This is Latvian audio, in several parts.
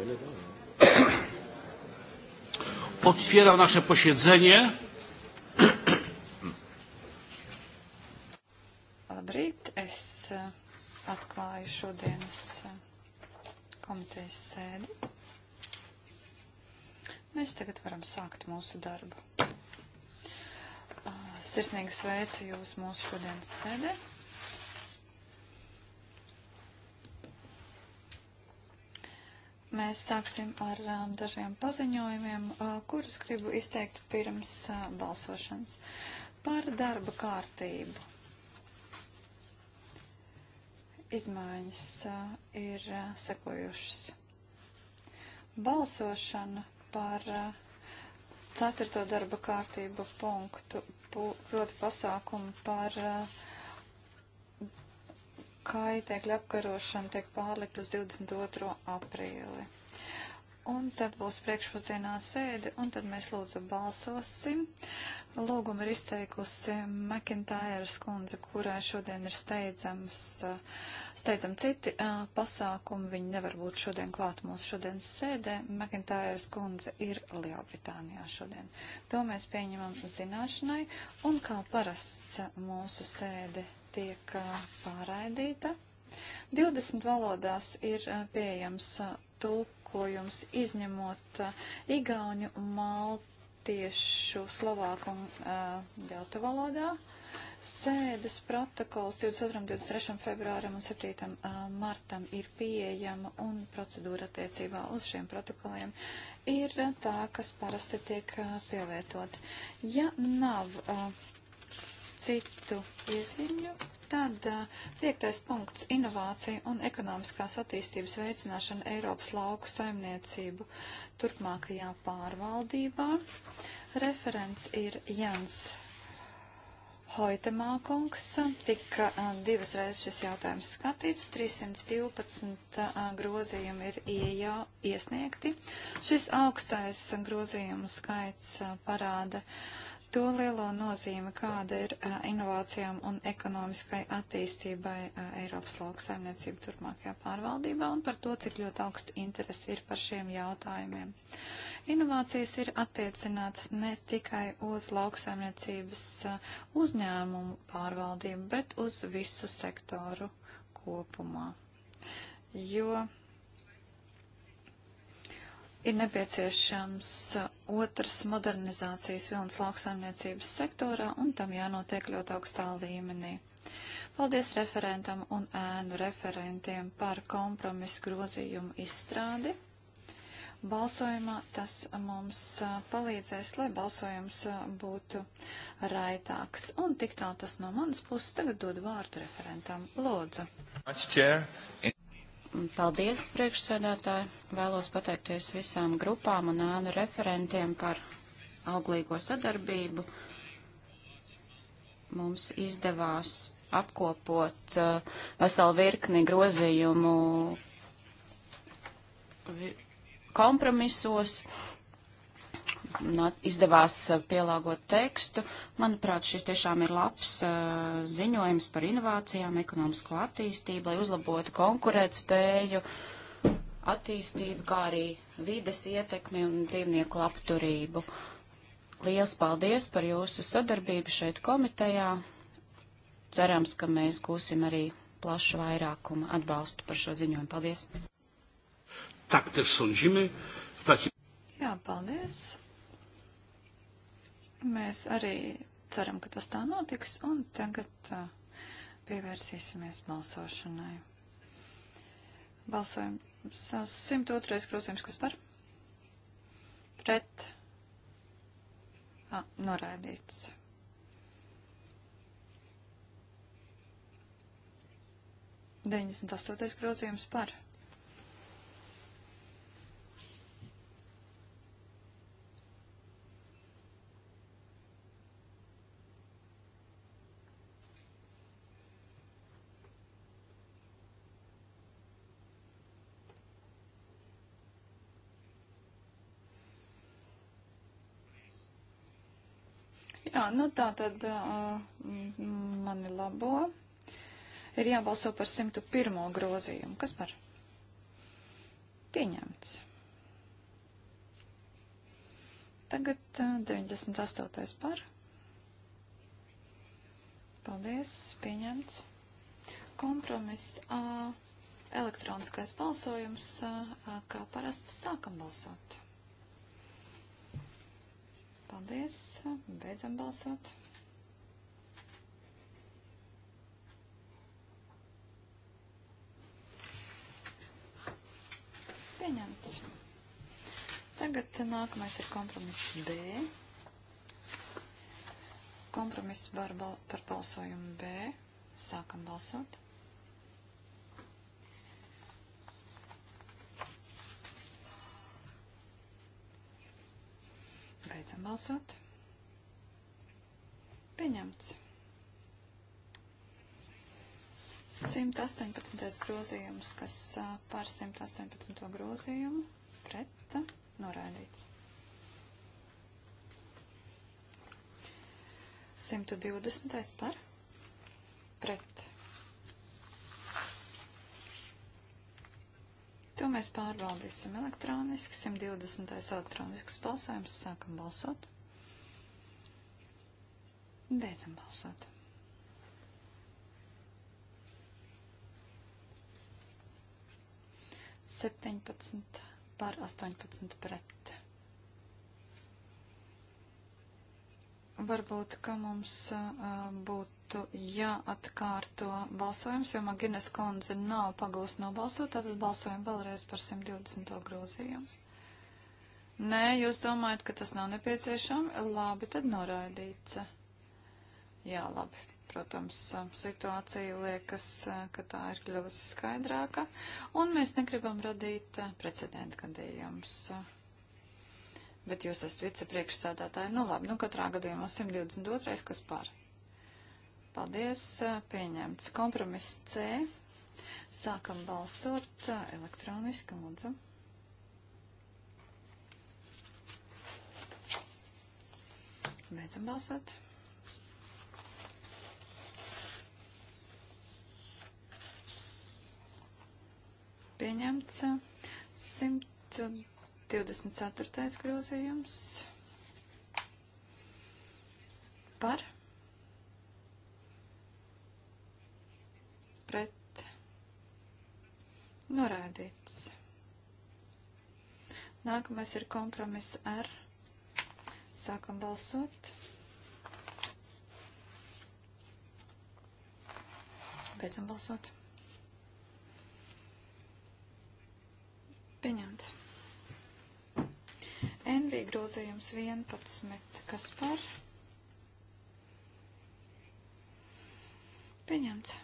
Otwieram nasze posiedzenie. Labrīt, es eh, atklāju šodienas eh, komitejas sēdi. Mēs tagad varam sākt mūsu darbu. Ah, sirsnīgi sveicu jūs mūsu šodienas sēdē. Mēs sāksim ar um, dažiem paziņojumiem, uh, kurus gribu izteikt pirms uh, balsošanas par darba kārtību. Izmaiņas uh, ir uh, sekojušas. Balsošana par uh, ceturto darba kārtību punktu, pu, proti pasākumu par uh, kaitēkļu apkarošanu tiek pārlikt uz 22. aprīli un tad būs priekšpusdienā sēde, un tad mēs lūdzu balsosim. Lūgumu ir izteikusi Makintājas kundze, kurai šodien ir steidzams, steidzam citi pasākumi. Viņi nevar būt šodien klāt mūsu šodienas sēdē. Makintājas kundze ir Lielbritānijā šodien. To mēs pieņemam zināšanai, un kā parasts mūsu sēde tiek pārraidīta. 20 valodās ir pieejams tulp tulkojums, izņemot eh, igauņu, maltiešu, slovāku un ģeltu eh, valodā. Sēdes protokols 22. 23. februāram un 7. Eh, martam ir pieejama un procedūra attiecībā uz šiem protokoliem ir tā, kas parasti tiek pielietot. Ja nav uh, citu iezīmju. Tad piektais punkts - inovācija un ekonomiskās attīstības veicināšana Eiropas lauku saimniecību turpmākajā pārvaldībā. Referents ir Jans Hoitemākungs. Tika divas reizes šis jautājums skatīts, 312 grozījumi ir iejā, iesniegti. Šis augstais grozījumu skaits parāda. Uh, to lielo nozīmi, kāda ir a, inovācijām un ekonomiskai attīstībai a, Eiropas lauksaimniecību turpmākajā pārvaldībā un par to, cik ļoti augsti interesi ir par šiem jautājumiem. Inovācijas ir attiecināts ne tikai uz lauksaimniecības a, uzņēmumu pārvaldību, bet uz visu sektoru kopumā. Jo ir nepieciešams otrs modernizācijas vilnas lauksaimniecības sektorā, un tam jānotiek ļoti augstā līmenī. Paldies referentam un ēnu referentiem par kompromisu grozījumu izstrādi. Balsojumā tas mums palīdzēs, lai balsojums būtu raitāks. Un tik tālu tas no manas puses. Tagad dodu vārdu referentam. Lūdzu. Paldies, priekšsēdētāji. Vēlos pateikties visām grupām un ānu referentiem par auglīgo sadarbību. Mums izdevās apkopot uh, veselu virkni grozījumu kompromisos no, nu, izdevās eh, pielāgot tekstu. Manuprāt, šis tiešām ir labs uh, ziņojums par inovācijām, ekonomisko attīstību, lai uzlabotu konkurētspēju, attīstību, kā arī vides ietekmi un dzīvnieku labturību. Liels paldies par jūsu sadarbību šeit komitejā. Cerams, ka mēs gūsim arī plašu vairākumu atbalstu par šo ziņojumu. Paldies! Tak też sądzimy. W takim... Jā, paldies. Mēs arī ceram, ka tas tā notiks, un tagad uh, pievērsīsimies balsošanai. Balsojam 102. grozījums, kas par? Pret. Ah, noraidīts. Deviņdesmit astotais grozījums par. laikā. Nu, tā tad uh, mani labo. Ir jābalso par 101. grozījumu. Kas par? Pieņemts. Tagad uh, 98. par. Paldies, pieņemts. Kompromiss A. Elektroniskais balsojums, a, kā parasti sākam balsot. Paldies. Beidzam balsot. Pieņemts. Tagad nākamais ir kompromiss D. Kompromiss par, bal par balsojumu B. Sākam balsot. Beidzam balsot. Pieņemts. 118. grozījums, kas pār 118. grozījumu pret norādīts. 120. par pret To mēs pārbaudīsim elektroniski. 120. elektronisks balsojums. Sākam balsot. Beidzam balsot. Septiņpadsmit pār astoņpadsmit pret. Varbūt, ka mums uh, būtu jāatkārto balsojums, jo Magines kundze nav pagūs nobalsot, tad balsojam vēlreiz par 120. grozījumu. Nē, jūs domājat, ka tas nav nepieciešami? Labi, tad noraidīts. Jā, labi. Protams, situācija liekas, ka tā ir kļuvusi skaidrāka, un mēs negribam radīt precedentu gadījumus. Uh, bet jūs esat vicepriekšsēdētāji. Nu labi, nu katrā gadījumā 122. kas par. Paldies, pieņemts kompromiss C. Sākam balsot elektroniski, lūdzu. Beidzam balsot. Pieņemts 100. 24. grozījums par pret norādīts. Nākamais ir kompromiss ar. Sākam balsot. Beidzam balsot. Pieņemts. NV grozījums 11. Kas par? Pieņemts.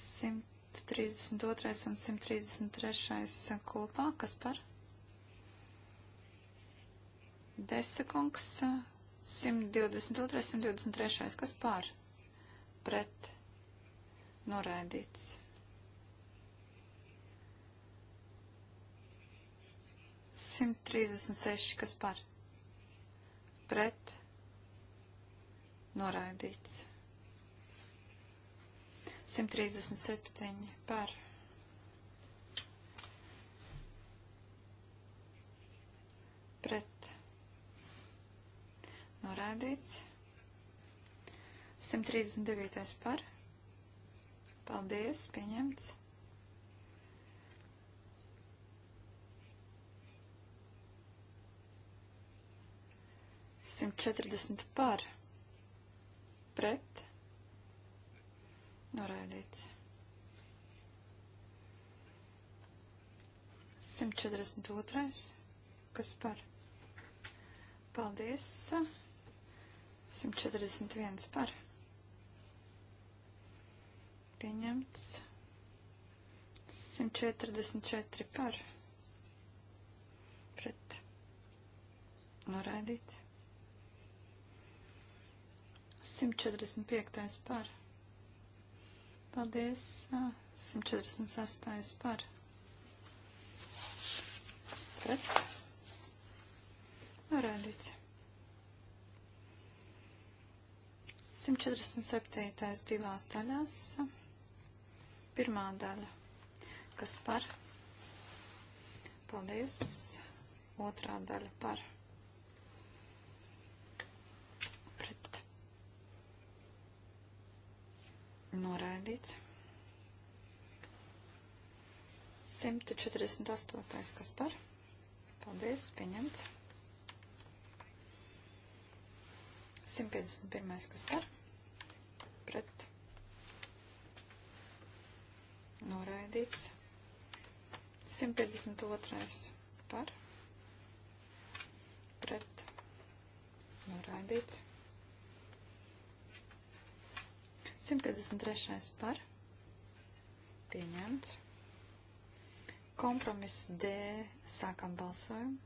132. un 133. kopā. Kas par? Desekungs 122. 123. Kas par? Pret. Noraidīts. 236, kas par pret noraidīts. 137 par pret noraidīts. 139 par paldies, pieņemts. 140 par pret noraidīts. 142. Kas par? Paldies. 141 par. Pieņemts. 144 par. Pret. Noraidīts. 145. par. Paldies. 146. par. Pret. Norādīts. 147. divās daļās. Pirmā daļa, kas par. Paldies. Otrā daļa par. Noraidīts. 148. kas par? Paldies, pieņemts. 151. kas par? Pret. Noraidīts. 152. par? Pret. Noraidīts. 153. par pieņemts. Kompromiss D. Sākam balsojumu.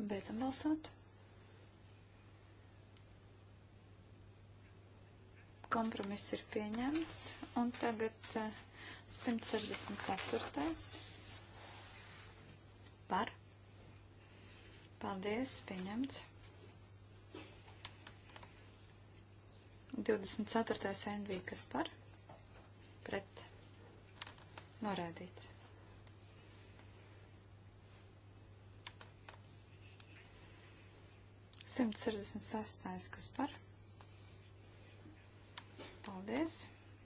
Beidzam balsot. Kompromiss ir pieņemts. Un tagad 164. Eh, par Paldies, pieņemts. 24. NV, kas par? Pret. Norādīts. Simts sešdesmit sastais, kas par? Paldies,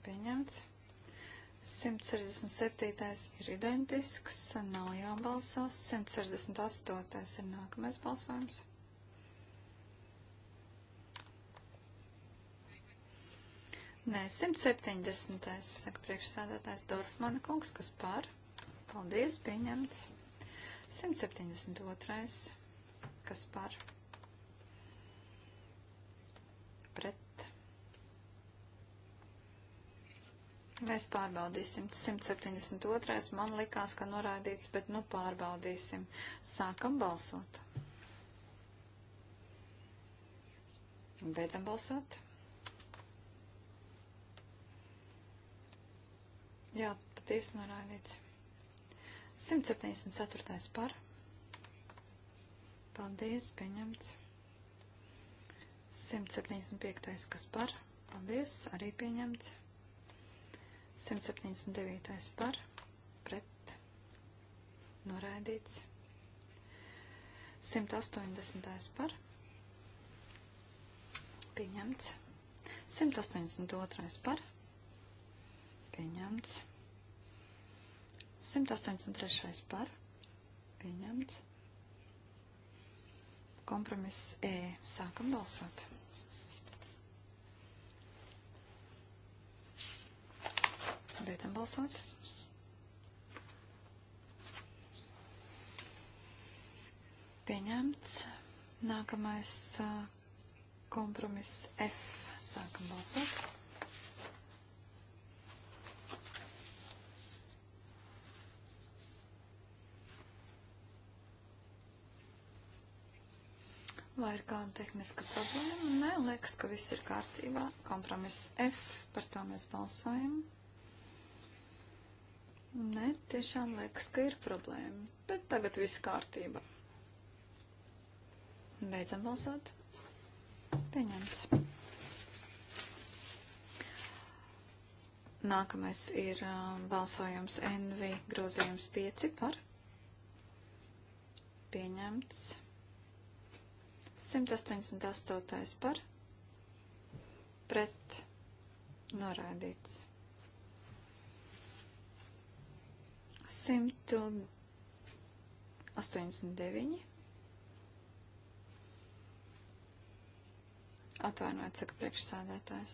pieņemts. 167. ir identisks, nav jābalso. 168. ir nākamais balsojums. Nē, 170. saka priekšsādātājs Dorfmana kungs, kas par. Paldies, pieņemts. 172. kas par. Pret Mēs pārbaudīsim. 172. man likās, ka noraidīts, bet nu pārbaudīsim. Sākam balsot. Beidzam balsot. Jā, patiesi noraidīts. 174. par. Paldies, pieņemts. 175. kas par. Paldies, arī pieņemts. 179. par pret noraidīts. 180. par pieņemts. 182. par pieņemts. 183. par pieņemts. Kompromiss E. Sākam balsot. Beidzam balsot. Pieņemts. Nākamais kompromiss F. Sākam balsot. Vai ir kāda tehniska problēma? Nē, liekas, ka viss ir kārtībā. Kompromiss F, par to mēs balsojam. Nē, tiešām liekas, ka ir problēma. Bet tagad viss kārtība. Beidzam balsot. Pieņemts. Nākamais ir uh, balsojums NV grozījums 5 par. Pieņemts. 188 par. Pret. Noraidīts. 189. Atvainojiet, saka priekšsādētājs.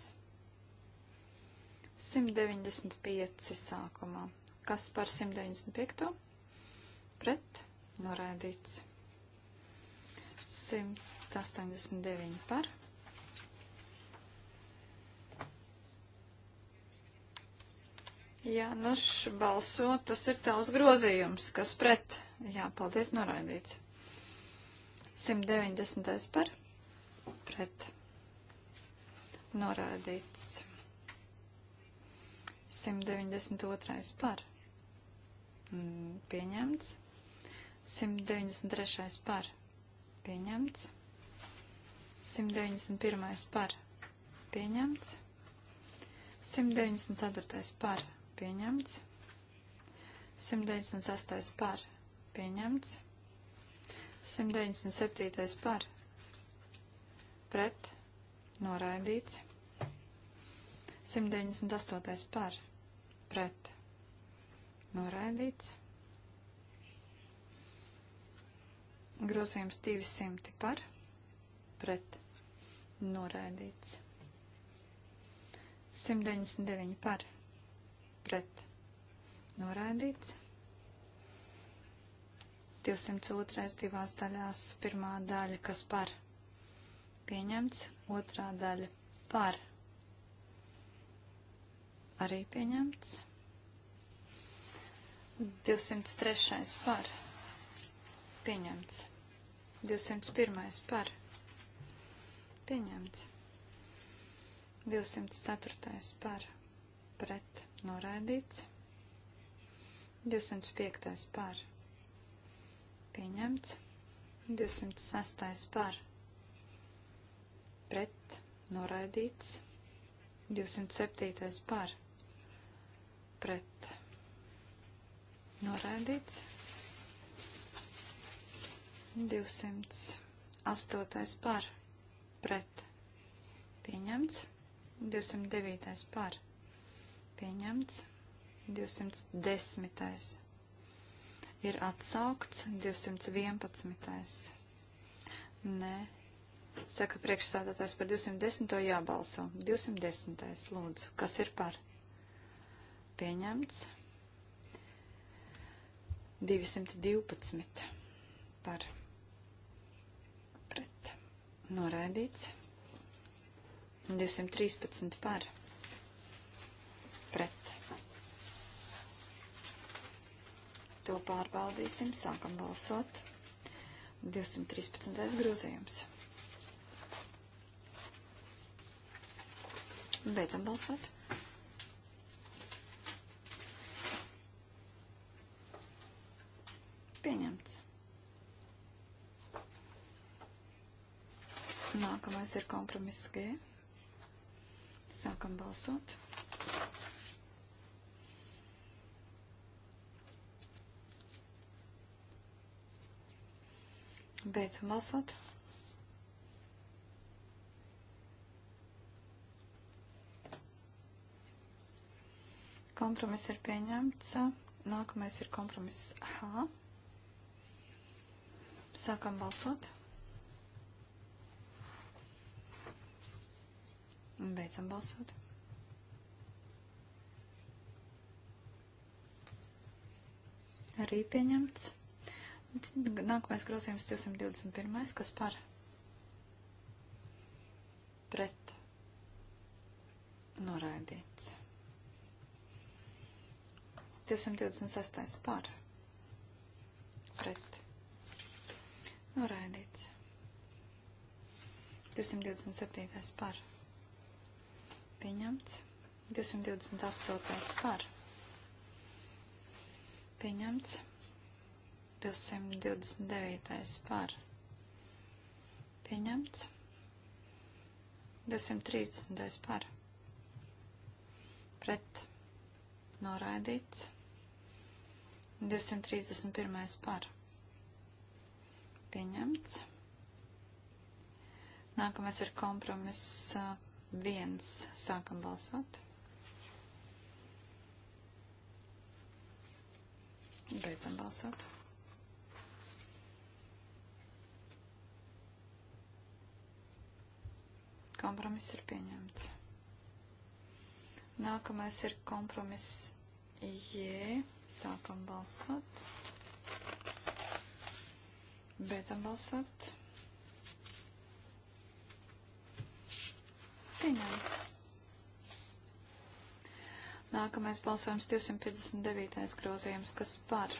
195 sākumā. Kas par 195? Pret noraidīts. 189 par Jā, nu šbalso, tas ir tavs grozījums, kas pret. Jā, paldies, noraidīts. 190. par pret. Noraidīts. 192. Mm, par. Pieņemts. 193. par. Pieņemts. 191. par. Pieņemts. 194. par pieņemts. 196. par pieņemts. 197. par pret noraidīts. 198. par pret noraidīts. Grozījums 200 par pret noraidīts. 199 par pret pret noraidīts. 202. divās daļās pirmā daļa, kas par pieņemts, otrā daļa par arī pieņemts. 203. par pieņemts. 201. par pieņemts. 204. par pret noraidīts. 205. par pieņemts. 206. par pret noraidīts. 207. par pret noraidīts. 208. par pret pieņemts. 209. par pret pieņemts. 210. ir atsaukts. 211. Nē. Saka priekšstādātājs par 210. jābalso. 210. lūdzu. Kas ir par? Pieņemts. 212 par pret noraidīts. 213 par pret To pārbaudīsim. Sākam balsot. 213. grozījums. Beidzam balsot. Pieņemts. Nākamais ir kompromiss G. Sākam balsot. Beidzam balsot. Kompromiss ir pieņemts. Nākamais ir kompromiss H. Sākam balsot. Un beidzam balsot. Arī pieņemts. Nākamais grozījums 221. Kas par? Pret. Noraidīts. 226. Par. Pret. Noraidīts. 227. Par. Pieņemts. 228. Par. Pieņemts. 229. par pieņemts. 230. par pret noraidīts. 231. par pieņemts. Nākamais ir kompromiss viens. Sākam balsot. Beidzam balsot. Kompromiss ir pieņemts. Nākamais ir kompromiss J. Sākam balsot. Beidzam balsot. Pieņemts. Nākamais balsojums 259. grozījums, kas par.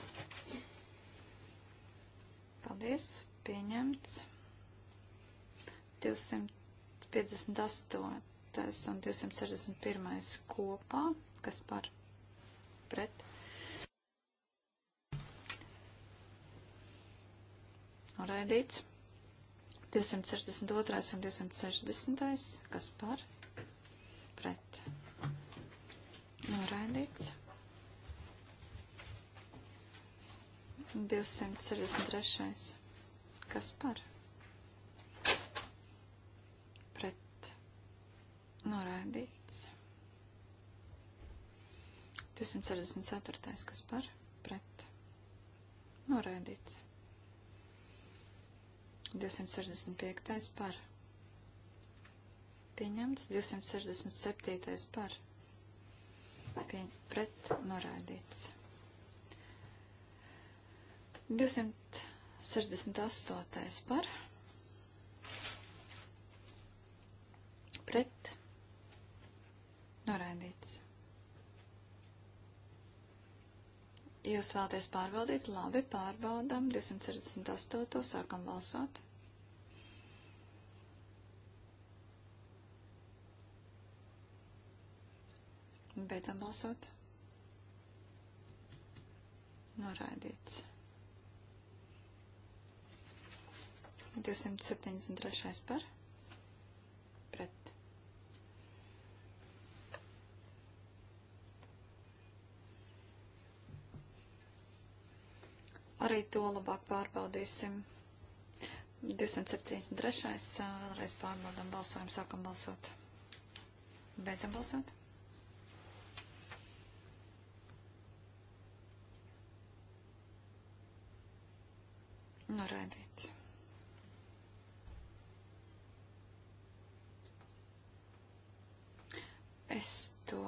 Paldies, pieņemts. 200. 58. un 261. kopā, kas par pret. Raidīts. 262. un 260. kas par pret. Noraidīts. 263. kas par pret. 264. kas par pret noraidīts. 265. par pieņemts. 267. par pie, pret noraidīts. 268. par pret noraidīts. Jūs vēlaties pārbaudīt? Labi, pārbaudam. 268. sākam balsot. Beidzam balsot. Noraidīts. 273. par. Arī to labāk pārbaudīsim. 273. Vēlreiz pārbaudām balsojumu, sākam balsot. Beidzam balsot. Noraidīts. Es to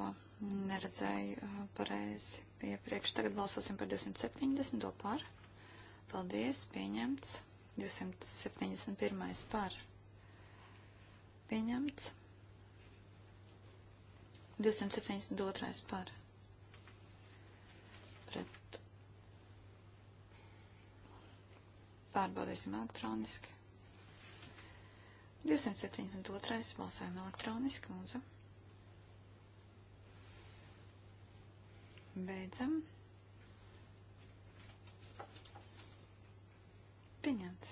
neredzēju pareizi iepriekš. Tagad balsosim par 270. par. Paldies, pieņemts. 271. par. Pieņemts. 272. par. Pret. Pārbaudīsim elektroniski. 272. balsājam elektroniski, lūdzu. Beidzam. Pieņemts.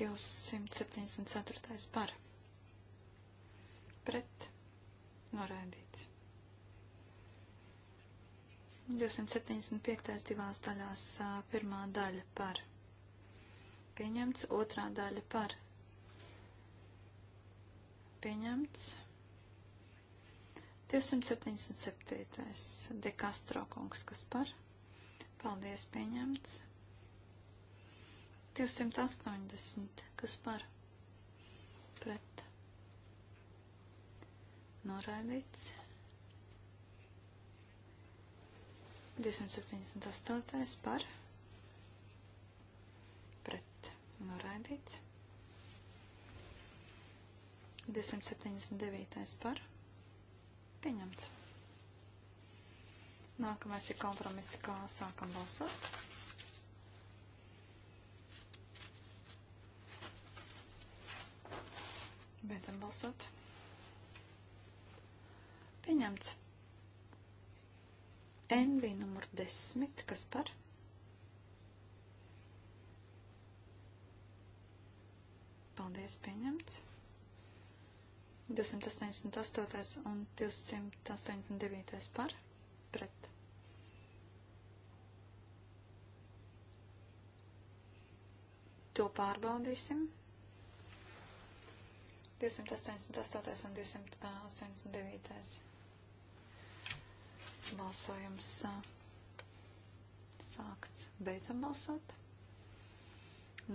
274. par. Pret. Noraidīts. 275. divās daļās pirmā daļa par. Pieņemts. Otrā daļa par. Pieņemts. 277. De Castro kungs, kas par. Paldies, pieņemts. 280. Kas par? Pret. Noraidīts. 278. par. Pret. Noraidīts. 279. par. Pieņemts. Nākamais ir kompromiss, kā sākam balsot. Beidzam balsot. Pieņemts. NV numur 10, kas par? Paldies, pieņemts. 288 un 289 par? pret. To pārbaudīsim. 288 un 289. Balsojums sākts. Beidzam balsot.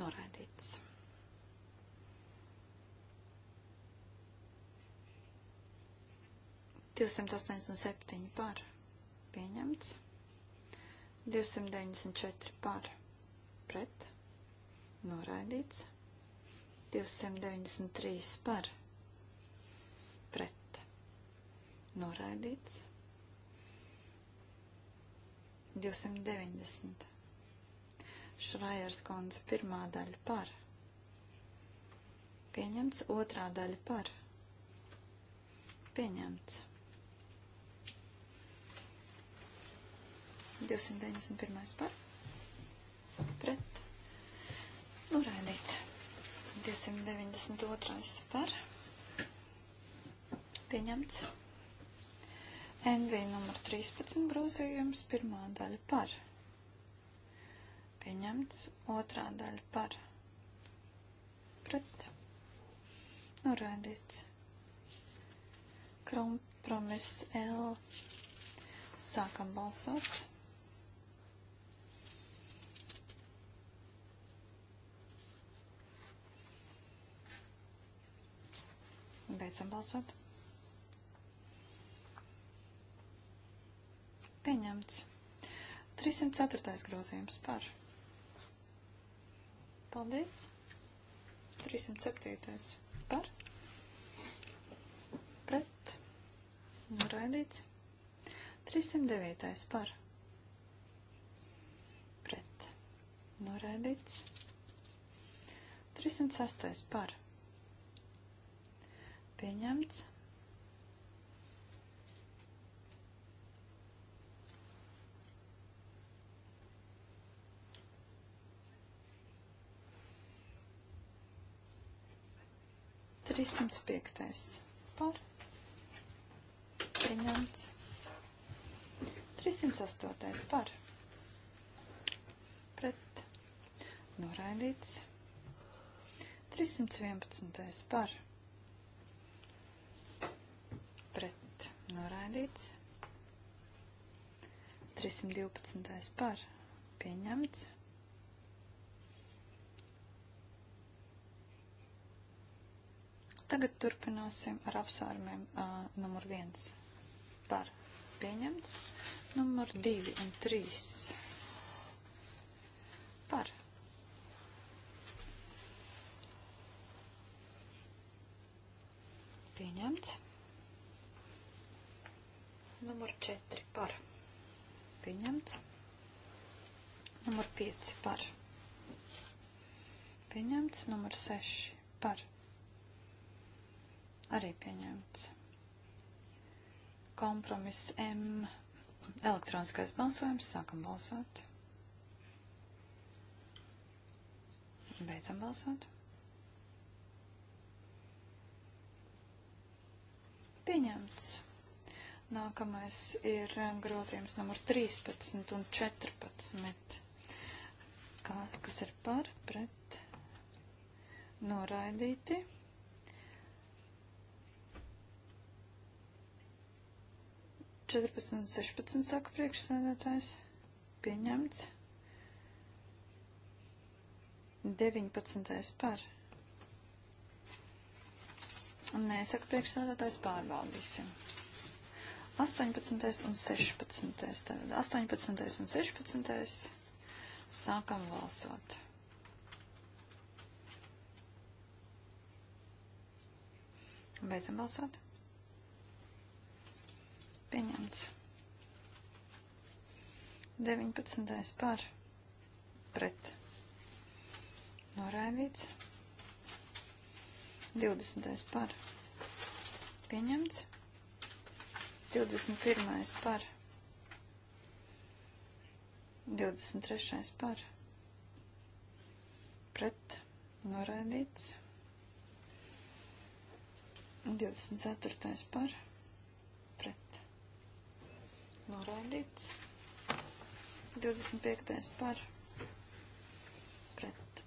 Noraidīts. Divsimt astoņdesmit septiņi par pieņemts. 294 par pret noraidīts. 293 par pret noraidīts. 290. Šrajers kundze pirmā daļa par. Pieņemts otrā daļa par. Pieņemts. 291 par pret noraidīts. Nu, 292 par pieņemts. NV numur 13 grozījums, pirmā daļa par. Pieņemts, otrā daļa par. Pret. Noraidīts. Nu, Kompromiss L. Sākam balsot. Beidzam balsot. Pieņemts. 304. grozījums par. Paldies. 307. par. Pret. Noraidīts. 309. par. Pret. Noraidīts. 306. par Pieņemts. Trīsimts piektais par. Pieņemts. 308. par pret noraidīts. 311. par noraidīts. 312. par pieņemts. Tagad turpināsim ar apsvērumiem uh, numur 1 par pieņemts, numur 2 un 3 par pieņemts Numur 4 par. Pieņemts. Numur 5 par. Pieņemts. Numur 6 par. Arī pieņemts. Kompromiss M. Elektroniskais balsojums. Sākam balsot. Beidzam balsot. Pieņemts. Nākamais ir eh, grozījums numur 13 un 14, kā, kas ir par, pret, noraidīti. Četrpadsmit un sešpadsmit saka priekšsēdētājs. Pieņemts. Deviņpadsmitais par. Nē, saka priekšsēdētājs pārbaudīsim. 18. un 16. Tātad 18. un 16. sākam balsot. Beidzam balsot. Pieņemts. 19. par pret. Noraidīts. 20. par pieņemts. 21. par. 23. par. Pret noraidīts. 24. par. Pret noraidīts. 25. par. Pret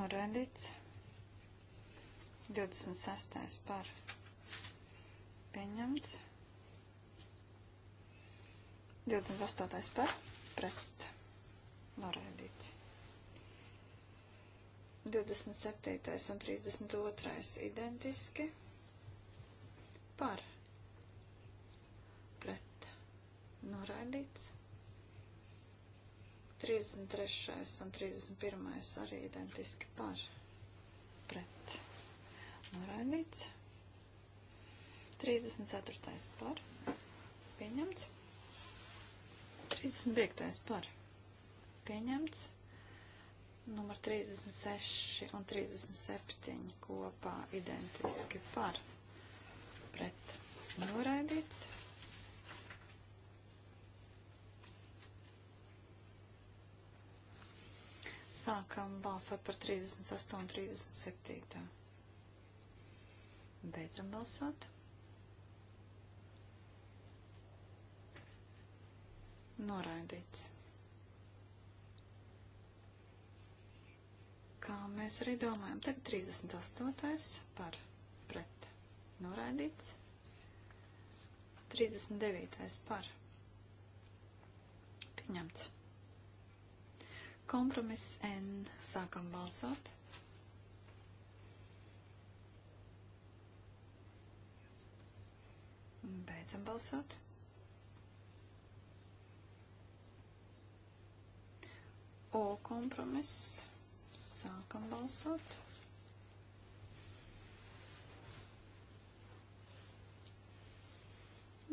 noraidīts. 26. par. Pieņemts. 28. par pret norēdīts. 27. un 32. identiski par pret noraidīts. 33. un 31. arī identiski par pret noraidīts. 34. par pieņemts. 35. par pieņemts. Numur 36 un 37 kopā identiski par pret noraidīts. Sākam balsot par 38 un 37. Beidzam balsot. noraidīts. Kā mēs arī domājam, tagad 38. par pret noraidīts, 39. par pieņemts. Kompromiss N sākam balsot. Beidzam balsot. O kompromiss. Sākam balsot.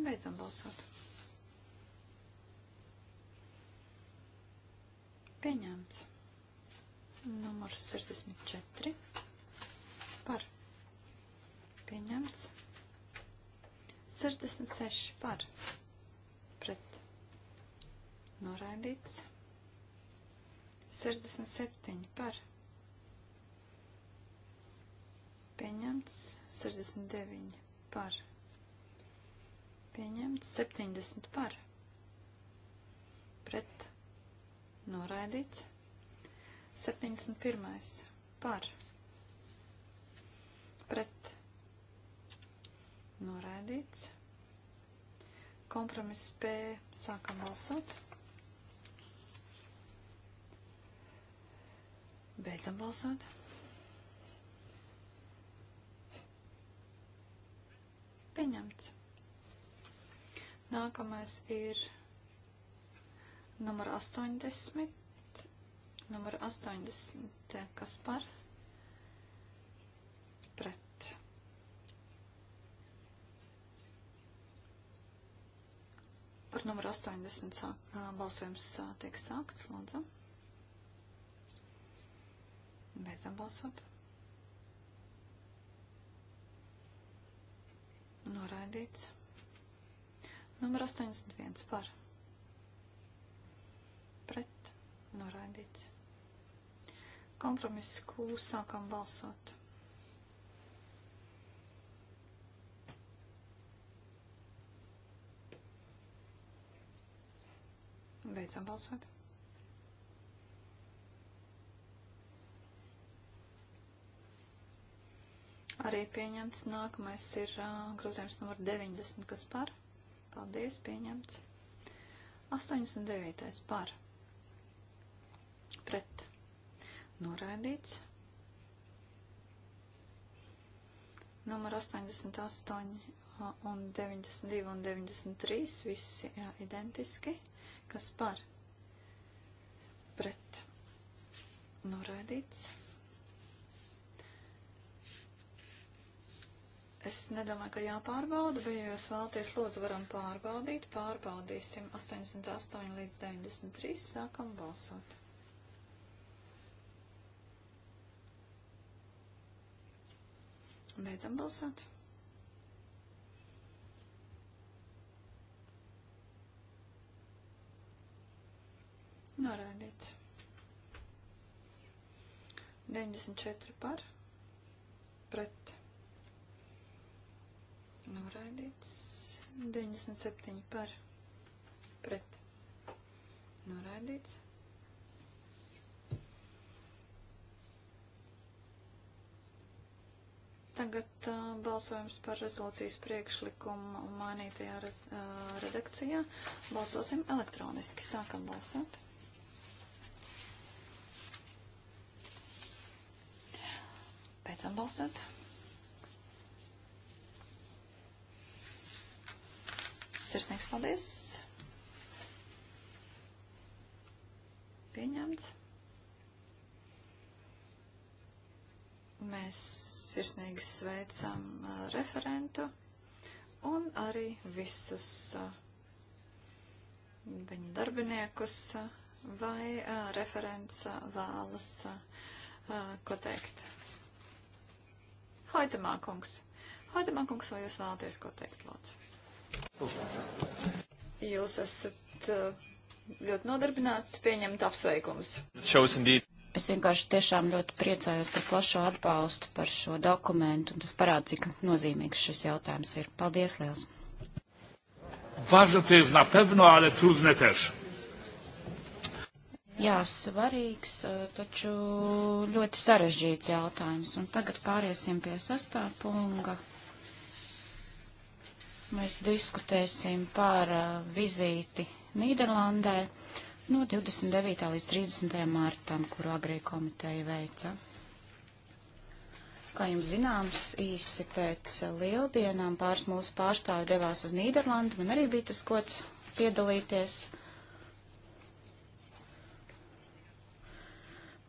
Beidzam balsot. Pieņemts. Numurs 64. Par. Pieņemts. 66 par. Pret. Noraidīts. 67 par. Pieņemts 69 par. Pieņemts 70 par. Pret. Noraidīts. 71. par. Pret. Noraidīts. Kompromiss P. Sākam balsot. Beidzam balsot. Pieņemts. Nākamais ir numur 80. Numur 80. Kas par? Pret. Par numuru 80 sāk, balsojums tiek sākts, lūdzu. Beidzam balsot. Noraidīts. Numur 81 par. Pret. Noraidīts. Kompromiss Q sākam balsot. Beidzam balsot. Arī pieņemts. Nākamais ir uh, grozījums numur 90, kas par. Paldies, pieņemts. 89. par. Pret. Noraidīts. Numur 88 un 92 un 93 visi jā, identiski. Kas par? Pret. Noraidīts. Es nedomāju, ka jāpārbauda, bet, ja jūs vēlaties, lūdzu, varam pārbaudīt. Pārbaudīsim 88 līdz 93, sākam balsot. Beidzam balsot. Norādīts. 94 par, pret noraidīts. 97 par pret noraidīts. Tagad uh, balsojums par rezolūcijas priekšlikumu mainītajā rez, uh, redakcijā. Balsosim elektroniski. Sākam balsot. Beidzam balsot. Sirsnīgs paldies. Pieņemts. Mēs sirsnīgi sveicam uh, referentu un arī visus uh, viņa darbiniekus uh, vai referents vēlas ko teikt. Hoitamā kungs. Hoitamā kungs, vai jūs vēlaties ko teikt, lūdzu? Jūs esat uh, ļoti nodarbināts pieņemt apsveikumus. Es vienkārši tiešām ļoti priecājos par plašo atbalstu par šo dokumentu, un tas parāda, cik nozīmīgs šis jautājums ir. Paldies liels! Ważne to jest na pewno, ale trudne też. Jā, svarīgs, uh, taču ļoti sarežģīts jautājums. Un tagad pāriesim pie sastā punga. Mēs diskutēsim par uh, vizīti Nīderlandē no 29. līdz 30. martam, kuru agrī komiteja veica. Kā jums zināms, īsi pēc uh, lieldienām pāris mūsu pārstāvi devās uz Nīderlandi. Man arī bija tas gods piedalīties.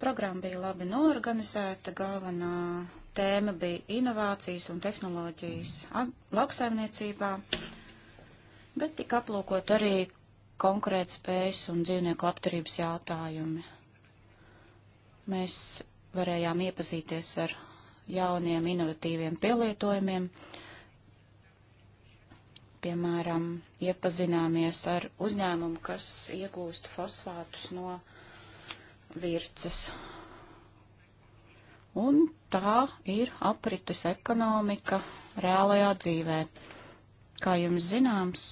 Programma bija labi norganizēta, galvenā tēma bija inovācijas un tehnoloģijas lauksaimniecībā, bet tika aplūkot arī konkrēt spējas un dzīvnieku labturības jautājumi. Mēs varējām iepazīties ar jauniem inovatīviem pielietojumiem, piemēram, iepazināmies ar uzņēmumu, kas iegūst fosfātus no virces Un tā ir aprites ekonomika reālajā dzīvē. Kā jums zināms,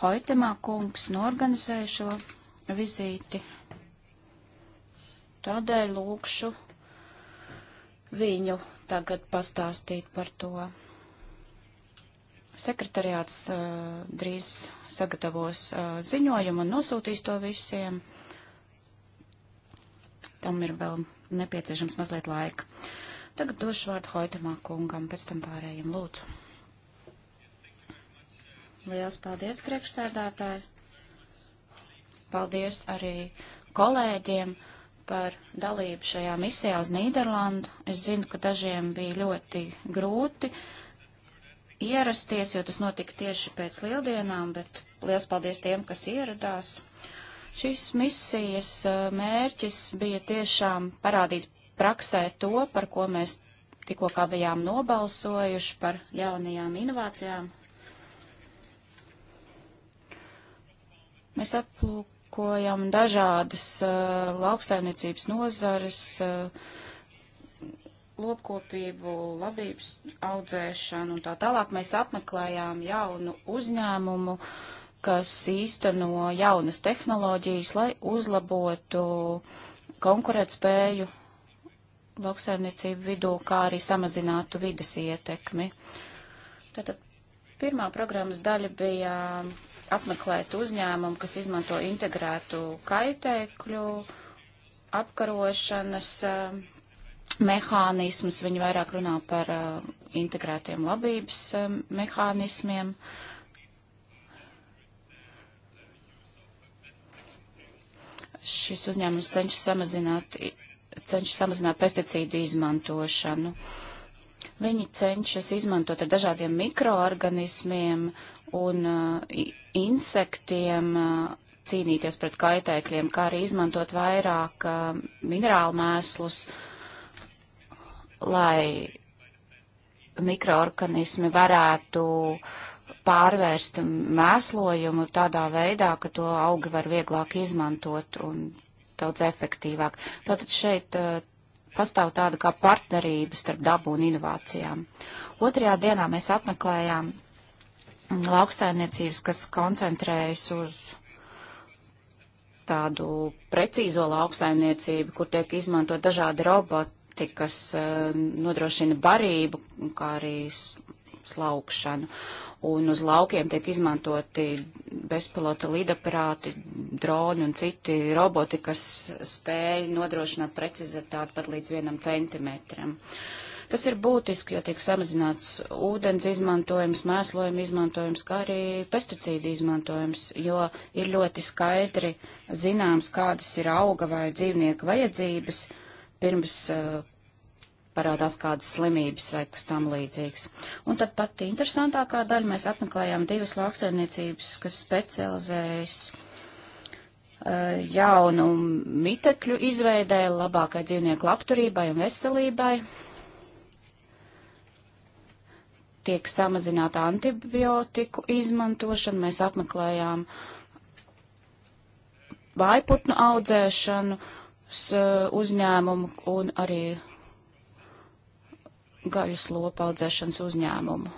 Hoitemā kungs norganizēja šo vizīti. Tādēļ lūkšu viņu tagad pastāstīt par to. Sekretariāts uh, drīz sagatavos uh, ziņojumu un nosūtīs to visiem. Tam ir vēl nepieciešams mazliet laika. Tagad došu vārdu Hoitamā kungam, pēc tam pārējiem lūdzu. Liels paldies, priekšsēdātāji! Paldies arī kolēģiem par dalību šajā misijā uz Nīderlandu. Es zinu, ka dažiem bija ļoti grūti ierasties, jo tas notika tieši pēc lieldienām, bet liels paldies tiem, kas ieradās. Šīs misijas eh, mērķis bija tiešām parādīt praksē to, par ko mēs tikko kā bijām nobalsojuši par jaunajām inovācijām. Mēs aplūkojam dažādas uh, lauksaimniecības nozares, uh, lopkopību, labības audzēšanu un tā tālāk. Mēs apmeklējām jaunu uzņēmumu uh, kas īsteno jaunas tehnoloģijas, lai uzlabotu konkurētspēju lauksaimniecību vidū, kā arī samazinātu vidas ietekmi. Tātad pirmā programmas daļa bija apmeklēt uzņēmumu, kas izmanto integrētu kaitēkļu apkarošanas eh, mehānismus. Viņi vairāk runā par eh, integrētiem labības eh, mehānismiem. Uh, šis uzņēmums cenšas samazināt, cenšas samazināt pesticīdu izmantošanu. Viņi cenšas izmantot ar dažādiem mikroorganismiem un uh, insektiem uh, cīnīties pret kaitēkļiem, kā arī izmantot vairāk uh, minerālu mēslus, lai mikroorganismi varētu uh, pārvērst mēslojumu tādā veidā, ka to augi var vieglāk izmantot un daudz efektīvāk. Tātad šeit eh, pastāv tāda kā partnerība starp dabu un inovācijām. Otrajā dienā mēs apmeklējām lauksainiecības, kas koncentrējas uz tādu precīzo lauksaimniecību, kur tiek izmantot dažādi roboti, kas uh, nodrošina barību, kā arī slaukšanu un uz laukiem tiek izmantoti bezpilota lidaparāti, droni un citi roboti, kas spēj nodrošināt precizitāti pat līdz vienam centimetram. Tas ir būtiski, jo tiek samazināts ūdens izmantojums, mēslojuma izmantojums, kā arī pesticīdu izmantojums, jo ir ļoti skaidri zināms, kādas ir auga vai dzīvnieka vajadzības pirms uh, parādās kādas slimības vai kas tam līdzīgs. Un tad pati interesantākā daļa mēs apmeklējām divas lauksaimniecības, kas specializējas uh, jaunu mitekļu izveidē, labākai dzīvnieku labturībai un veselībai. Tiek samazināta antibiotiku izmantošana. Mēs apmeklējām vājputnu audzēšanu eh, uzņēmumu un arī gaļas lopu audzēšanas uzņēmumu.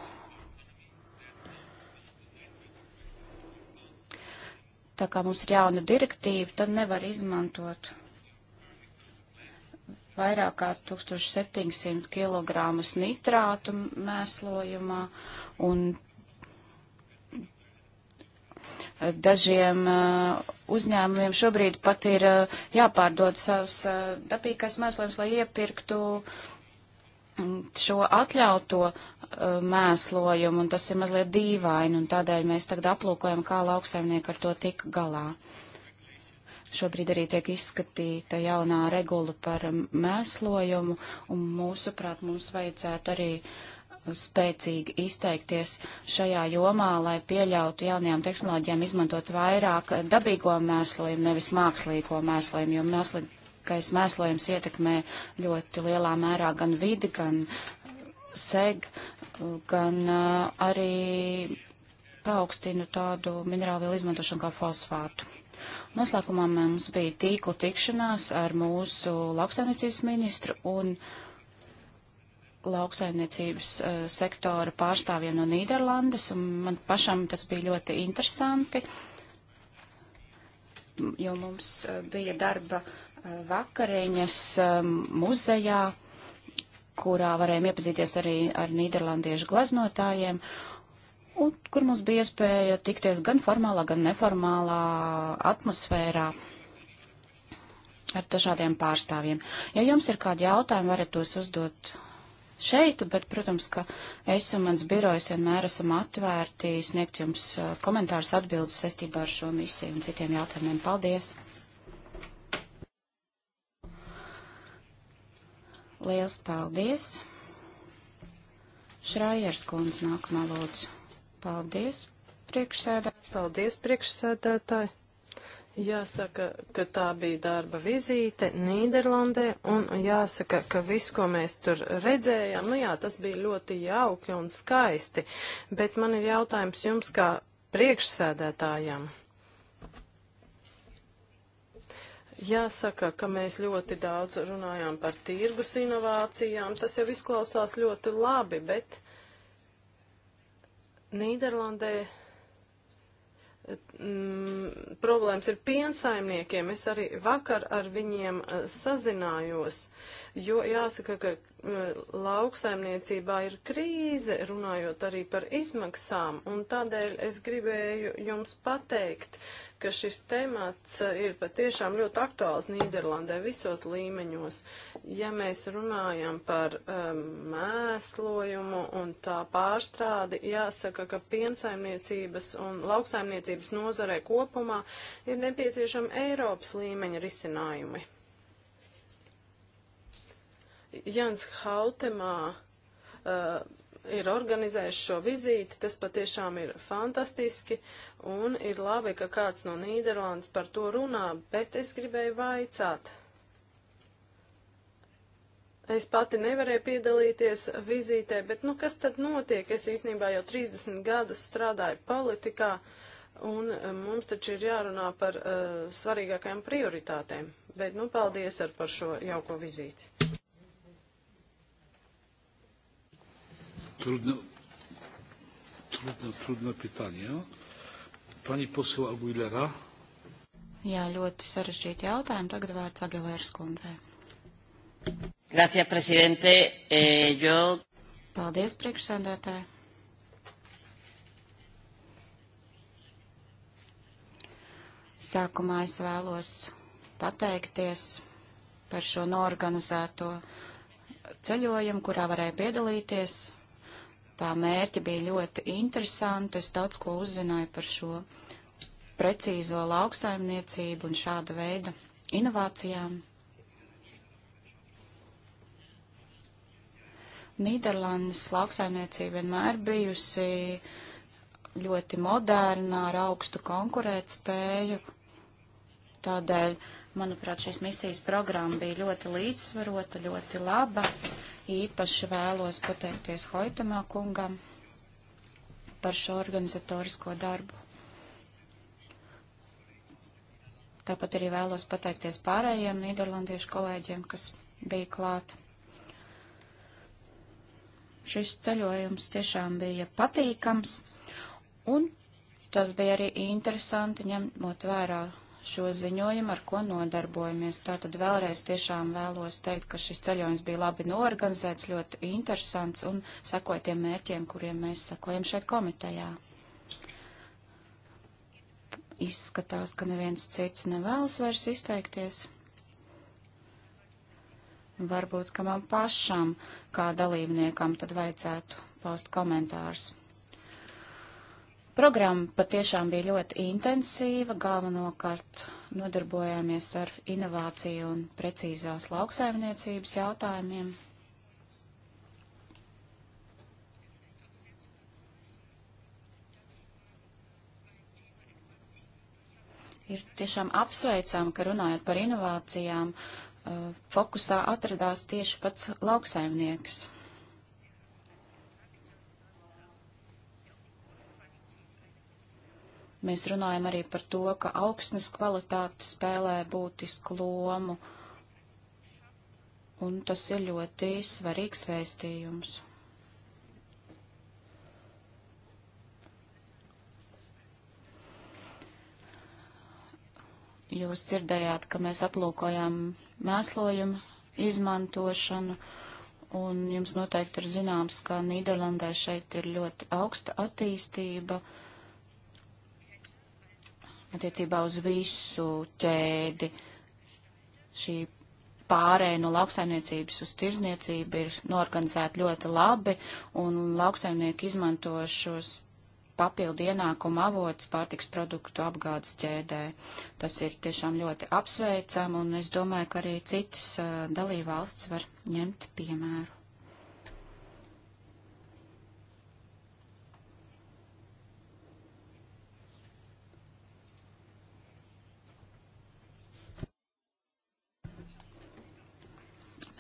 Tā kā mums ir jauna direktīva, tad nevar izmantot vairāk kā 1700 kg nitrātu mēslojumā un dažiem uh, uzņēmumiem šobrīd pat ir uh, jāpārdod savs uh, dabīgais mēslojums, lai iepirktu uh, šo atļauto uh, mēslojumu, un tas ir mazliet dīvaini, un tādēļ mēs tagad aplūkojam, kā lauksaimnieki ar to tik galā. Šobrīd arī tiek izskatīta jaunā regula par um, mēslojumu, un mūsuprāt, mums vajadzētu arī uh, spēcīgi izteikties šajā jomā, lai pieļautu jaunajām tehnoloģijām izmantot vairāk dabīgo mēslojumu, nevis mākslīgo mēslojumu, jo mēsli elektroniskais mēslojums ietekmē ļoti lielā mērā gan vidi, gan seg, gan arī paaugstinu tādu minerālu vielu izmantošanu kā fosfātu. Noslēgumā mums bija tīkla tikšanās ar mūsu lauksaimniecības ministru un lauksaimniecības uh, sektora pārstāvjiem no Nīderlandes, un man pašam tas bija ļoti interesanti, jo mums bija darba uh, vakariņas um, muzejā, kurā varējām iepazīties arī ar nīderlandiešu glaznotājiem, un kur mums bija iespēja tikties gan formālā, gan neformālā atmosfērā ar dažādiem pārstāvjiem. Ja jums ir kādi jautājumi, varat tos uzdot šeit, bet, protams, ka es un mans birojs vienmēr esam atvērti sniegt jums uh, komentārus atbildes saistībā ar šo misiju un citiem jautājumiem. Paldies! Liels paldies! Šrājers kundze nākamā lūdzu. Paldies, priekšsēdētāji. Paldies, priekšsēdētāji. Jāsaka, ka tā bija darba vizīte Nīderlandē, un jāsaka, ka viss, ko mēs tur redzējām, nu jā, tas bija ļoti jauki un skaisti, bet man ir jautājums jums kā priekšsēdētājam. Jāsaka, ka mēs ļoti daudz runājām par tirgus inovācijām. Tas jau izklausās ļoti labi, bet Nīderlandē mm, problēmas ir piensaimniekiem. Es arī vakar ar viņiem eh, sazinājos, jo jāsaka, ka Eh, lauksaimniecībā ir krīze, runājot arī par izmaksām, un tādēļ es gribēju jums pateikt, ka šis temats eh, ir patiešām ļoti aktuāls Nīderlandē visos līmeņos. Ja mēs runājam par um, mēslojumu un tā pārstrādi, jāsaka, ka piensaimniecības un lauksaimniecības nozarē kopumā ir nepieciešami Eiropas līmeņa risinājumi. Jans Hautemā uh, ir organizējis šo vizīti, tas patiešām ir fantastiski, un ir labi, ka kāds no Nīderlandes par to runā, bet es gribēju vaicāt. Es pati nevarēju piedalīties vizītē, bet nu kas tad notiek? Es īstenībā jau 30 gadus strādāju politikā, un uh, mums taču ir jārunā par uh, svarīgākajām prioritātēm. Bet nu paldies ar par šo jauko vizīti. Trudno, trudno, trudne pytania. Pani poseł Aguilera. Jā, ļoti sarežģīti jautājumi. Tagad vārds Agilēras kundzei. Gracias, presidente. E, yo... Paldies, priekšsēdētāji. Sākumā es vēlos pateikties par šo norganizēto ceļojumu, kurā varēja piedalīties tā mērķa bija ļoti interesanta. Es daudz ko uzzināju par šo precīzo lauksaimniecību un šāda veida inovācijām. Nīderlandes lauksaimniecība vienmēr bijusi ļoti modernā, ar augstu konkurētspēju. Tādēļ, manuprāt, šīs misijas programma bija ļoti līdzsvarota, ļoti laba. Uh, Īpaši vēlos pateikties Hoitamā kungam par šo organizatorisko darbu. Tāpat arī vēlos pateikties pārējiem nīderlandiešu kolēģiem, kas bija klāt. Šis ceļojums tiešām bija patīkams, un tas bija arī interesanti ņemot vērā šo ziņojumu, ar ko nodarbojamies. Tātad vēlreiz tiešām vēlos teikt, ka šis ceļojums bija labi norganizēts, ļoti interesants un sekoja tiem mērķiem, kuriem mēs sekojam šeit komitejā. Izskatās, ka neviens cits nevēlas vairs izteikties. Varbūt, ka man pašam, kā dalībniekam, tad vajadzētu paust komentārus. Programma patiešām bija ļoti intensīva, galvenokārt nodarbojāmies ar inovāciju un precīzās lauksaimniecības jautājumiem. Ir tiešām apsveicām, ka runājot par inovācijām, uh, fokusā atradās tieši pats lauksaimnieks. Mēs runājam arī par to, ka augsnes kvalitāte spēlē būtisku lomu, un tas ir ļoti svarīgs vēstījums. Jūs dzirdējāt, ka mēs aplūkojām mēslojumu izmantošanu, un jums noteikti ir zināms, ka Nīderlandē šeit ir ļoti augsta attīstība. Uh, attiecībā uz visu ķēdi. Šī pārēja no lauksaimniecības uz tirzniecību ir norganizēta ļoti labi, un lauksaimnieki izmanto šos papildu ienākumu avots pārtiks produktu apgādes ķēdē. Tas ir tiešām ļoti apsveicam, un es domāju, ka arī citas dalībvalsts var ņemt piemēru.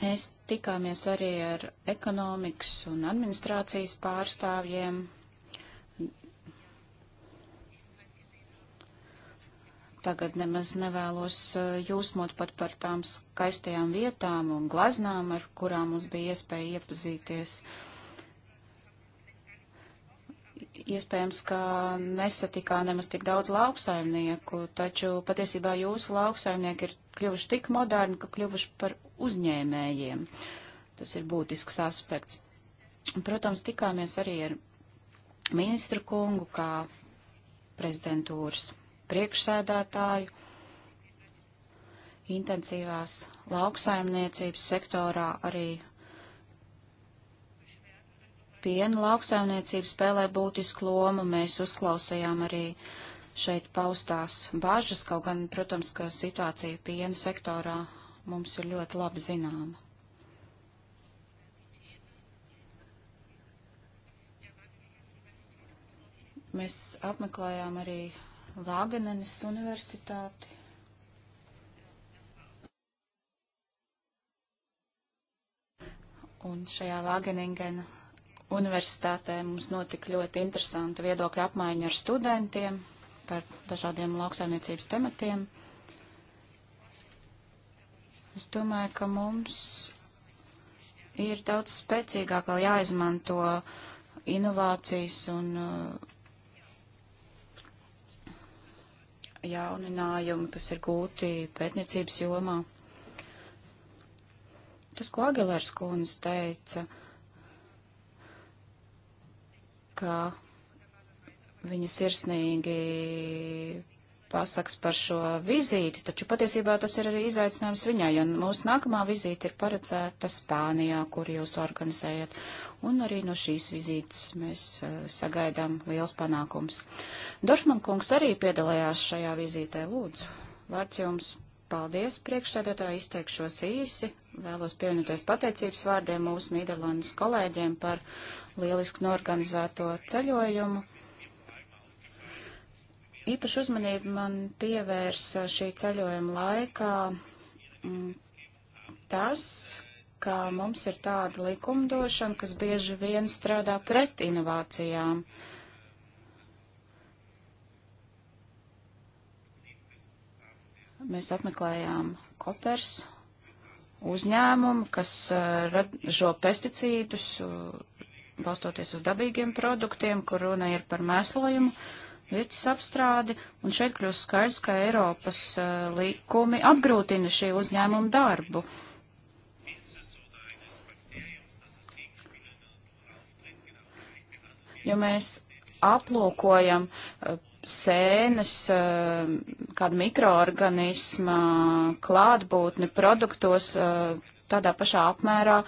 Mēs tikāmies arī ar ekonomikas un administrācijas pārstāvjiem. Tagad nemaz nevēlos eh, jūsmot pat par tām skaistajām vietām un glaznām, ar kurām mums bija iespēja iepazīties iespējams, ka nesatikā nemaz tik daudz lauksaimnieku, taču patiesībā jūsu lauksaimnieki ir kļuvuši tik moderni, ka kļuvuši par uzņēmējiem. Tas ir būtisks aspekts. Protams, tikāmies arī ar ministru kungu kā prezidentūras priekšsēdētāju intensīvās lauksaimniecības sektorā arī piena lauksaimniecība spēlē būtisku lomu. Mēs uzklausījām arī šeit paustās bažas, kaut gan, protams, ka situācija piena sektorā mums ir ļoti labi zināma. Mēs apmeklējām arī Vāgenenes universitāti. Un šajā Vāgeningena universitātē mums notika ļoti interesanta viedokļa apmaiņa ar studentiem par dažādiem lauksaimniecības tematiem. Es domāju, ka mums ir daudz spēcīgāk vēl jāizmanto inovācijas un uh, jauninājumi, kas ir gūti pētniecības jomā. Tas, ko Agilērs kundze teica, ka viņa sirsnīgi pasaks par šo vizīti, taču patiesībā tas ir arī izaicinājums viņai, jo mūsu nākamā vizīte ir paredzēta Spānijā, kur jūs organizējat, un arī no šīs vizītes mēs uh, sagaidām liels panākums. Dorfman kungs arī piedalījās šajā vizītē, lūdzu, vārds jums. Paldies, priekšsēdētāji, izteikšos īsi. Vēlos pievienoties pateicības vārdiem mūsu Nīderlandes kolēģiem par lieliski norganizēto ceļojumu Īpaši uzmanību man pievērsa šī ceļojuma laikā mm, tas, ka mums ir tāda likumdošana, kas bieži vien strādā pret inovācijām. Mēs apmeklējām kopers uzņēmumu, kas eh, ražo pesticīdus, balstoties uz dabīgiem produktiem, kur runa ir par mēslojumu. Uh, viķis apstrādi, un šeit kļūst skaidrs, ka Eiropas uh, likumi apgrūtina šī uzņēmuma darbu. Jo mēs aplūkojam uh, sēnes, uh, kāda mikroorganisma klātbūtni produktos tādā pašā apmērā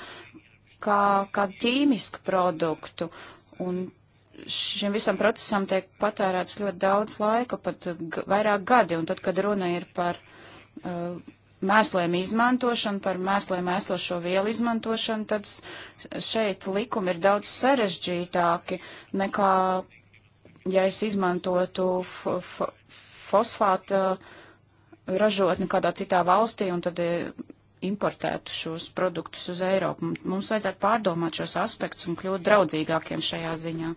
kā, kā ķīmisku produktu. Un šim visam procesam tiek patērēts ļoti daudz laika, pat uh, vairāk gadi, un tad, kad runa ir par uh, mēsliem izmantošanu, par mēsliem esošo vielu izmantošanu, tad šeit likumi ir daudz sarežģītāki nekā, ja es izmantotu fosfāta ražotni kādā citā valstī, un tad uh, importētu šos produktus uz Eiropu. Mums vajadzētu pārdomāt šos aspektus un kļūt draudzīgākiem šajā ziņā.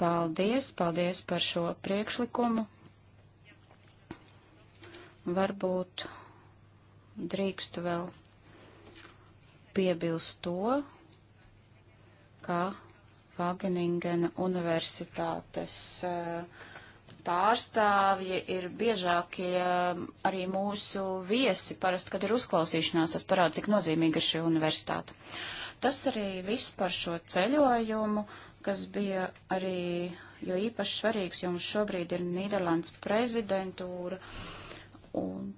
Paldies, paldies par šo priekšlikumu. Varbūt drīkstu vēl piebilst to, ka Vageningena universitātes uh, pārstāvji ir biežākie um, arī mūsu viesi, parasti, kad ir uzklausīšanās, tas parāda, cik nozīmīga ir šī universitāte. Tas arī viss par šo ceļojumu, kas bija arī, jo īpaši svarīgs jums šobrīd ir Nīderlandes prezidentūra, un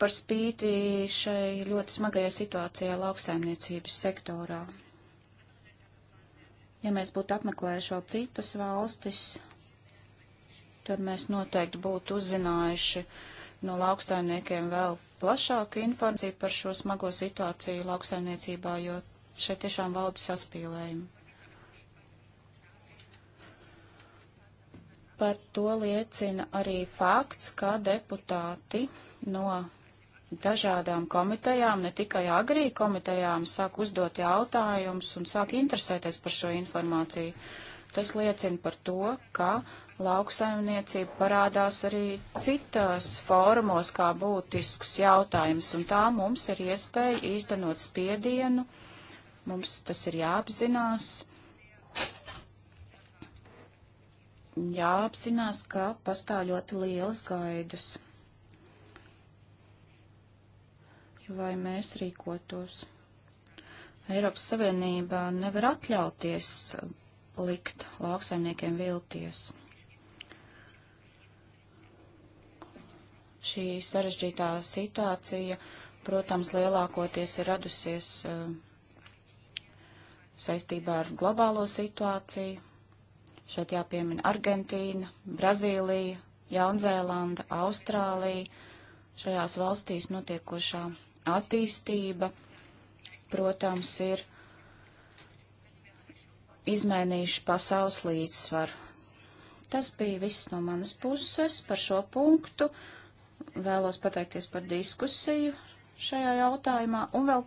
par spīti šai ļoti smagajai situācijai lauksaimniecības sektorā. Ja mēs būtu apmeklējuši vēl citas valstis, tad mēs noteikti būtu uzzinājuši no lauksaimniekiem vēl plašāku informāciju par šo smago situāciju lauksaimniecībā, jo šeit tiešām valda saspīlējumi. Par to liecina arī fakts, ka deputāti no dažādām komitejām, ne tikai agrī komitejām, sāk uzdot jautājumus un sāk interesēties par šo informāciju. Tas liecina par to, ka uh, lauksaimniecība parādās arī citās formos kā būtisks jautājums, un tā mums ir iespēja īstenot spiedienu, mums tas ir jāapzinās, jāapzinās, ka pastāv ļoti liels gaidus, lai mēs rīkotos. Eiropas Savienība nevar atļauties likt lauksaimniekiem vilties. Šī sarežģītā situācija, protams, lielākoties ir radusies eh, saistībā ar globālo situāciju. Šeit jāpiemina Argentīna, Brazīlija, Jaunzēlanda, Austrālija. Šajās valstīs notiekošā attīstība, protams, ir izmainījuši pasaules līdzsvaru. Tas bija viss no manas puses par šo punktu vēlos pateikties par diskusiju šajā jautājumā. Un vēl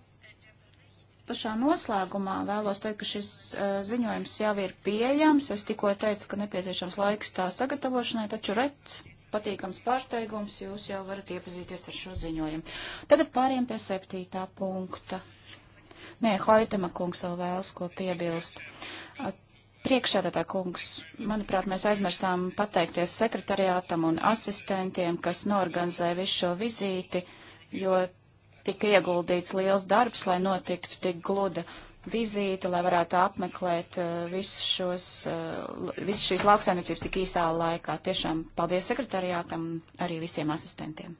pašā noslēgumā vēlos teikt, ka šis uh, ziņojums jau ir pieejams. Es tikko teicu, ka nepieciešams laiks tā sagatavošanai, taču redz patīkams pārsteigums, jūs jau varat iepazīties ar šo ziņojumu. Tagad pāriem pie septītā punkta. Nē, Haitema kungs vēl vēlas ko piebilst. At Priekšsēdētā kungs, manuprāt, mēs aizmirstām pateikties sekretariātam un asistentiem, kas norganizēja visu šo vizīti, jo tika ieguldīts liels darbs, lai notiktu tik gluda vizīte, lai varētu apmeklēt uh, visus šos, uh, eh, visas šīs lauksainicības tik īsā laikā. Tiešām paldies sekretariātam, arī visiem asistentiem.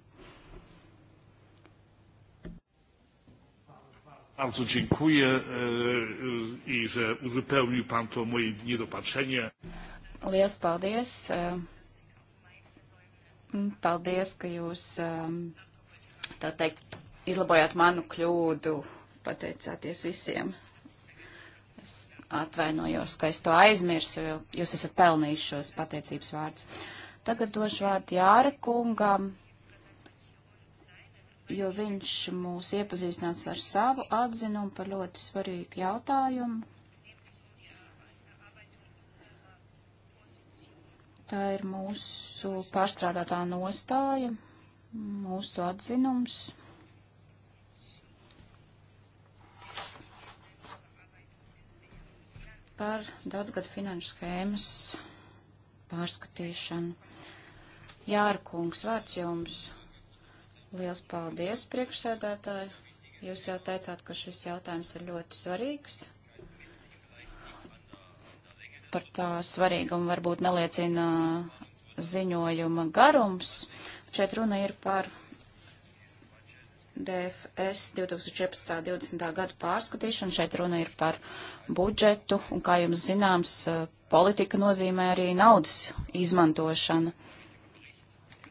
Bardzo dziękuję e, e, i że uzupełnił Pan to moje niedopatrzenie. Lielas paldies. E, paldies, ka jūs, tā teikt, izlabojāt manu kļūdu, pateicāties visiem. Es atvainojos, ka es to aizmirsu, jo jūs esat pelnījušos pateicības vārds. Tagad došu vārdu Jāra kungam jo viņš mūs iepazīstināts ar savu atzinumu par ļoti svarīgu jautājumu. Tā ir mūsu pārstrādātā nostāja, mūsu atzinums. par daudzgadu finanšu schēmas pārskatīšanu. Jārkungs, vārds jums. Liels paldies, priekšsēdētāji. Jūs jau teicāt, ka šis jautājums ir ļoti svarīgs. Par tā svarīgumu varbūt neliecina ziņojuma garums. Šeit runa ir par DFS 2014.20. gadu pārskatīšanu. Šeit runa ir par budžetu, un, kā jums zināms, politika nozīmē arī naudas izmantošanu.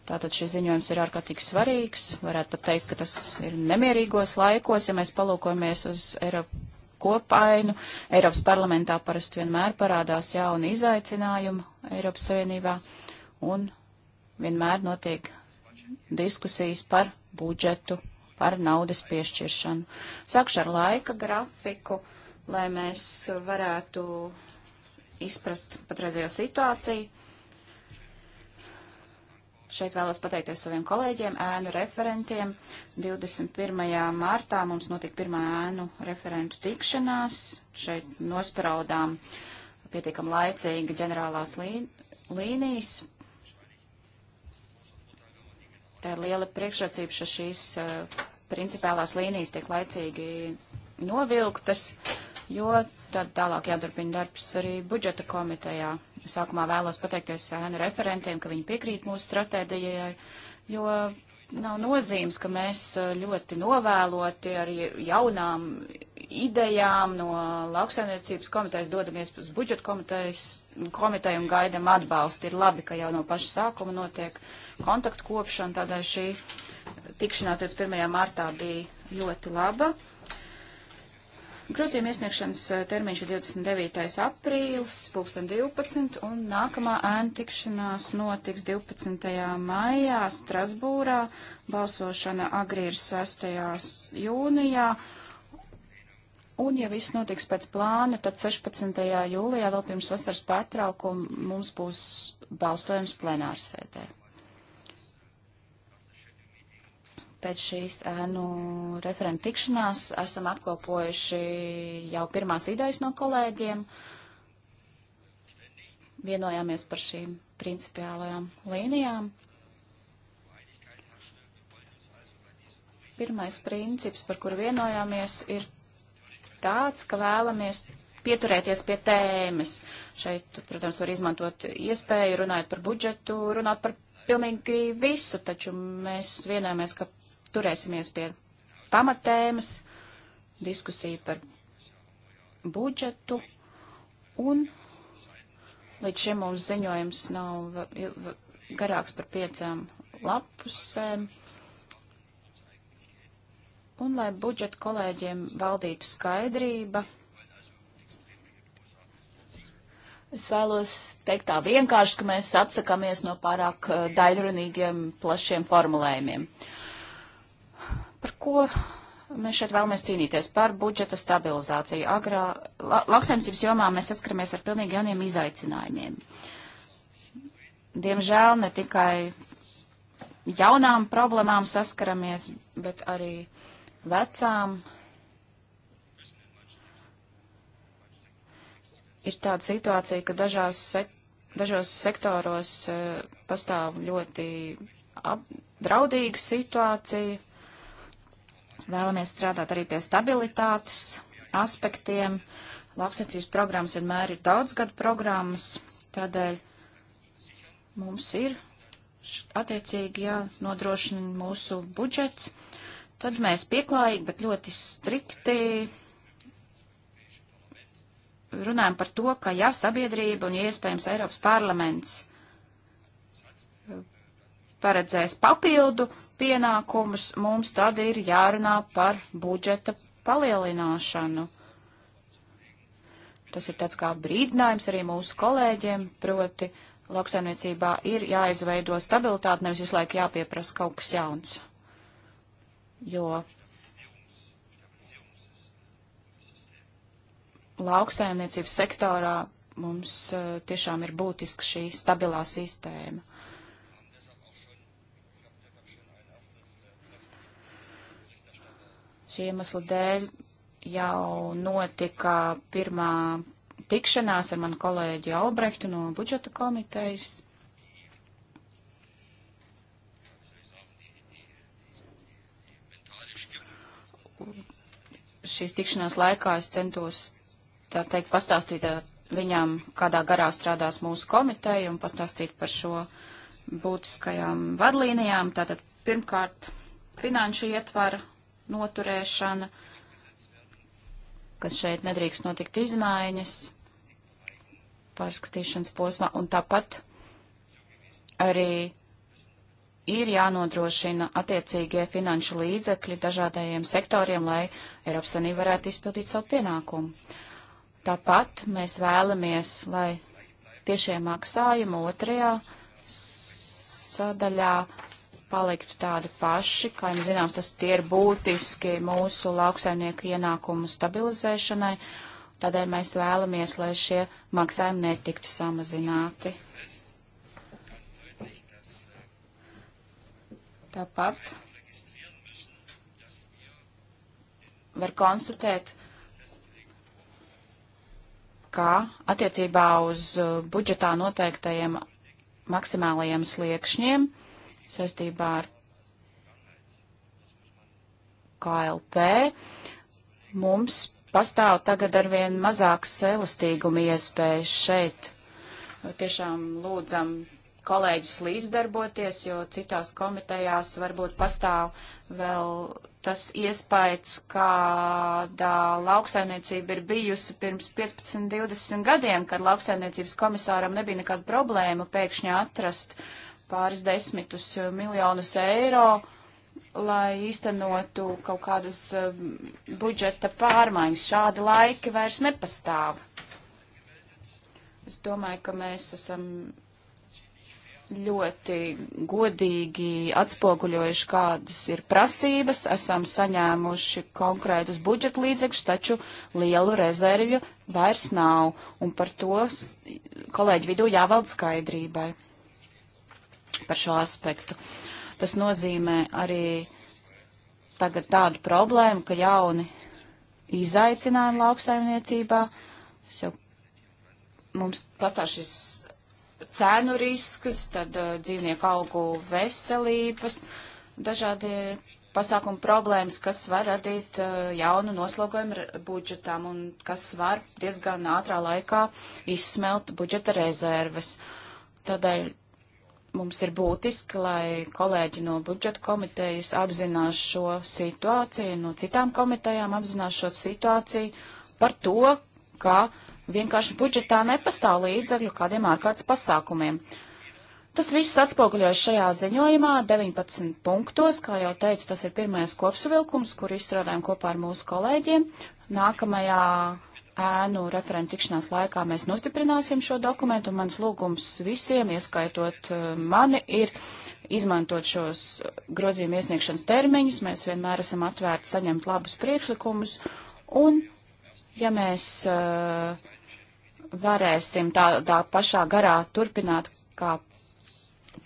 Tātad šis ziņojums ir ārkārtīgi svarīgs. Varētu pat teikt, ka tas ir nemierīgos laikos, ja mēs palūkojamies uz Eiropu kopainu. Eiropas parlamentā parasti vienmēr parādās jauni izaicinājumi Eiropas Savienībā un vienmēr notiek diskusijas par budžetu, par naudas piešķiršanu. Sākšu ar laika grafiku, lai mēs varētu izprast patreizējo situāciju. Šeit vēlos pateikties saviem kolēģiem, ēnu referentiem. 21. martā mums notika pirmā ēnu referentu tikšanās. Šeit nospraudām pietiekam laicīgi ģenerālās lī, līnijas. Tā ir liela priekšrocība, ka šīs uh, principālās līnijas tiek laicīgi novilktas. Uh, jo tad tālāk jāturpina darbs arī budžeta komitejā. Sākumā vēlos pateikties ēnu referentiem, ka viņi piekrīt mūsu stratēģijai, jo nav nozīmes, ka mēs ļoti novēloti ar jaunām idejām no lauksainiecības komitejas dodamies uz budžeta komitejas komiteju un gaidam atbalstu. Ir labi, ka jau no paša sākuma notiek kontaktu kopšana, tādēļ šī tikšanās 21. martā bija ļoti laba. Grozījuma iesniegšanas eh, termiņš ir 29. aprīlis, 2012, un nākamā ēnu tikšanās notiks 12. maijā Strasbūrā, balsošana agrī ir 6. jūnijā, un ja viss notiks pēc plāna, tad 16. jūlijā vēl pirms vasaras pārtraukuma mums būs balsojums plenārsēdē. Pēc šīs ēnu referenta tikšanās esam apkopojuši jau pirmās idejas no kolēģiem. Vienojāmies par šīm principiālajām līnijām. Pirmais princips, par kur vienojāmies, ir tāds, ka vēlamies pieturēties pie tēmas. Šeit, protams, var izmantot iespēju runāt par budžetu, runāt par pilnīgi visu, taču mēs vienojāmies, ka turēsimies pie pamatēmas, diskusija par budžetu, un līdz šim mums ziņojums nav garāks par piecām lapusēm. Un, lai budžeta kolēģiem valdītu skaidrība, es vēlos teikt tā vienkārši, ka mēs atsakāmies no pārāk eh, daļrunīgiem, plašiem formulējumiem. Uh, Par ko mēs šeit vēlamies cīnīties? Par budžeta stabilizāciju. Agrā la, lauksaimniecības jomā mēs saskaramies ar pilnīgi jauniem izaicinājumiem. Diemžēl ne tikai jaunām problēmām saskaramies, bet arī vecām. Ir tāda situācija, ka dažās sek dažos sektoros uh, pastāv ļoti draudīga situācija. Vēlamies strādāt arī pie stabilitātes aspektiem. Lauksaimniecības programmas vienmēr ir daudzgadu programmas, tādēļ mums ir attiecīgi jānodrošina mūsu budžets. Tad mēs pieklājīgi, bet ļoti strikti runājam par to, ka ja sabiedrība un ja iespējams Eiropas parlaments paredzēs papildu pienākumus, mums tad ir jārunā par budžeta palielināšanu. Tas ir tāds kā brīdinājums arī mūsu kolēģiem, proti lauksaimniecībā ir jāizveido stabilitāte, nevis visu laiku jāpieprasa kaut kas jauns. Jo lauksaimniecības sektorā mums uh, tiešām ir būtiska šī stabilā sistēma. Šī iemesla dēļ jau notika pirmā tikšanās ar manu kolēģi Albrehtu no budžeta komitejas. Šīs tikšanās laikā es centos, tā teikt, pastāstīt viņām, kādā garā strādās mūsu komiteja un pastāstīt par šo būtiskajām vadlīnijām. Tātad pirmkārt finanšu ietvara noturēšana, ka šeit nedrīkst notikt izmaiņas pārskatīšanas posmā, un tāpat arī ir jānodrošina attiecīgie finanšu līdzekļi dažādajiem sektoriem, lai Eiropas Sanība varētu izpildīt savu pienākumu. Tāpat mēs vēlamies, lai tiešie maksājumi otrajā sadaļā paliktu tādi paši. Kā jums zināms, tas tie ir būtiski mūsu lauksaimnieku ienākumu stabilizēšanai. Tādēļ mēs vēlamies, lai šie maksājumi netiktu samazināti. Tāpat var konstatēt, ka attiecībā uz budžetā noteiktajiem maksimālajiem sliekšņiem saistībā ar KLP, mums pastāv tagad arvien mazāks elastīguma iespējas šeit. Tiešām lūdzam kolēģis līdzdarboties, jo citās komitejās varbūt pastāv vēl tas iespējas, kādā lauksainiecība ir bijusi pirms 15-20 gadiem, kad lauksainiecības komisāram nebija nekāda problēma pēkšņi atrast uh, pāris desmitus eh, miljonus eiro, lai īstenotu kaut kādas eh, budžeta pārmaiņas. Šādi laiki vairs nepastāv. Es domāju, ka mēs esam ļoti godīgi atspoguļojuši, kādas ir prasības, esam saņēmuši konkrētus budžeta līdzekļus, taču lielu rezervju vairs nav, un par to kolēģi vidū jāvald skaidrībai par šo aspektu. Tas nozīmē arī tagad tādu problēmu, ka jauni izaicinājumi lauksaimniecībā, jau mums pastāv šis cēnu risks, tad uh, dzīvnieku augu veselības, dažādi pasākumu problēmas, kas var radīt uh, jaunu noslogojumu budžetam un kas var diezgan ātrā laikā izsmelt budžeta rezerves. Tādēļ Mums ir būtiski, lai kolēģi no budžeta komitejas apzinās šo situāciju, no citām komitejām apzinās šo situāciju par to, ka vienkārši budžetā nepastāv līdzekļu kādiem ārkārtas pasākumiem. Tas viss atspoguļojas šajā ziņojumā 19 punktos, kā jau teicu, tas ir pirmais kopsavilkums, kur izstrādājam kopā ar mūsu kolēģiem. Nākamajā ēnu referentu tikšanās laikā mēs nostiprināsim šo dokumentu. Mans lūgums visiem, ieskaitot eh, mani, ir izmantot šos grozījumu iesniegšanas termiņus. Mēs vienmēr esam atvērti saņemt labus priekšlikumus. Un, ja mēs uh, varēsim tādā pašā garā turpināt kā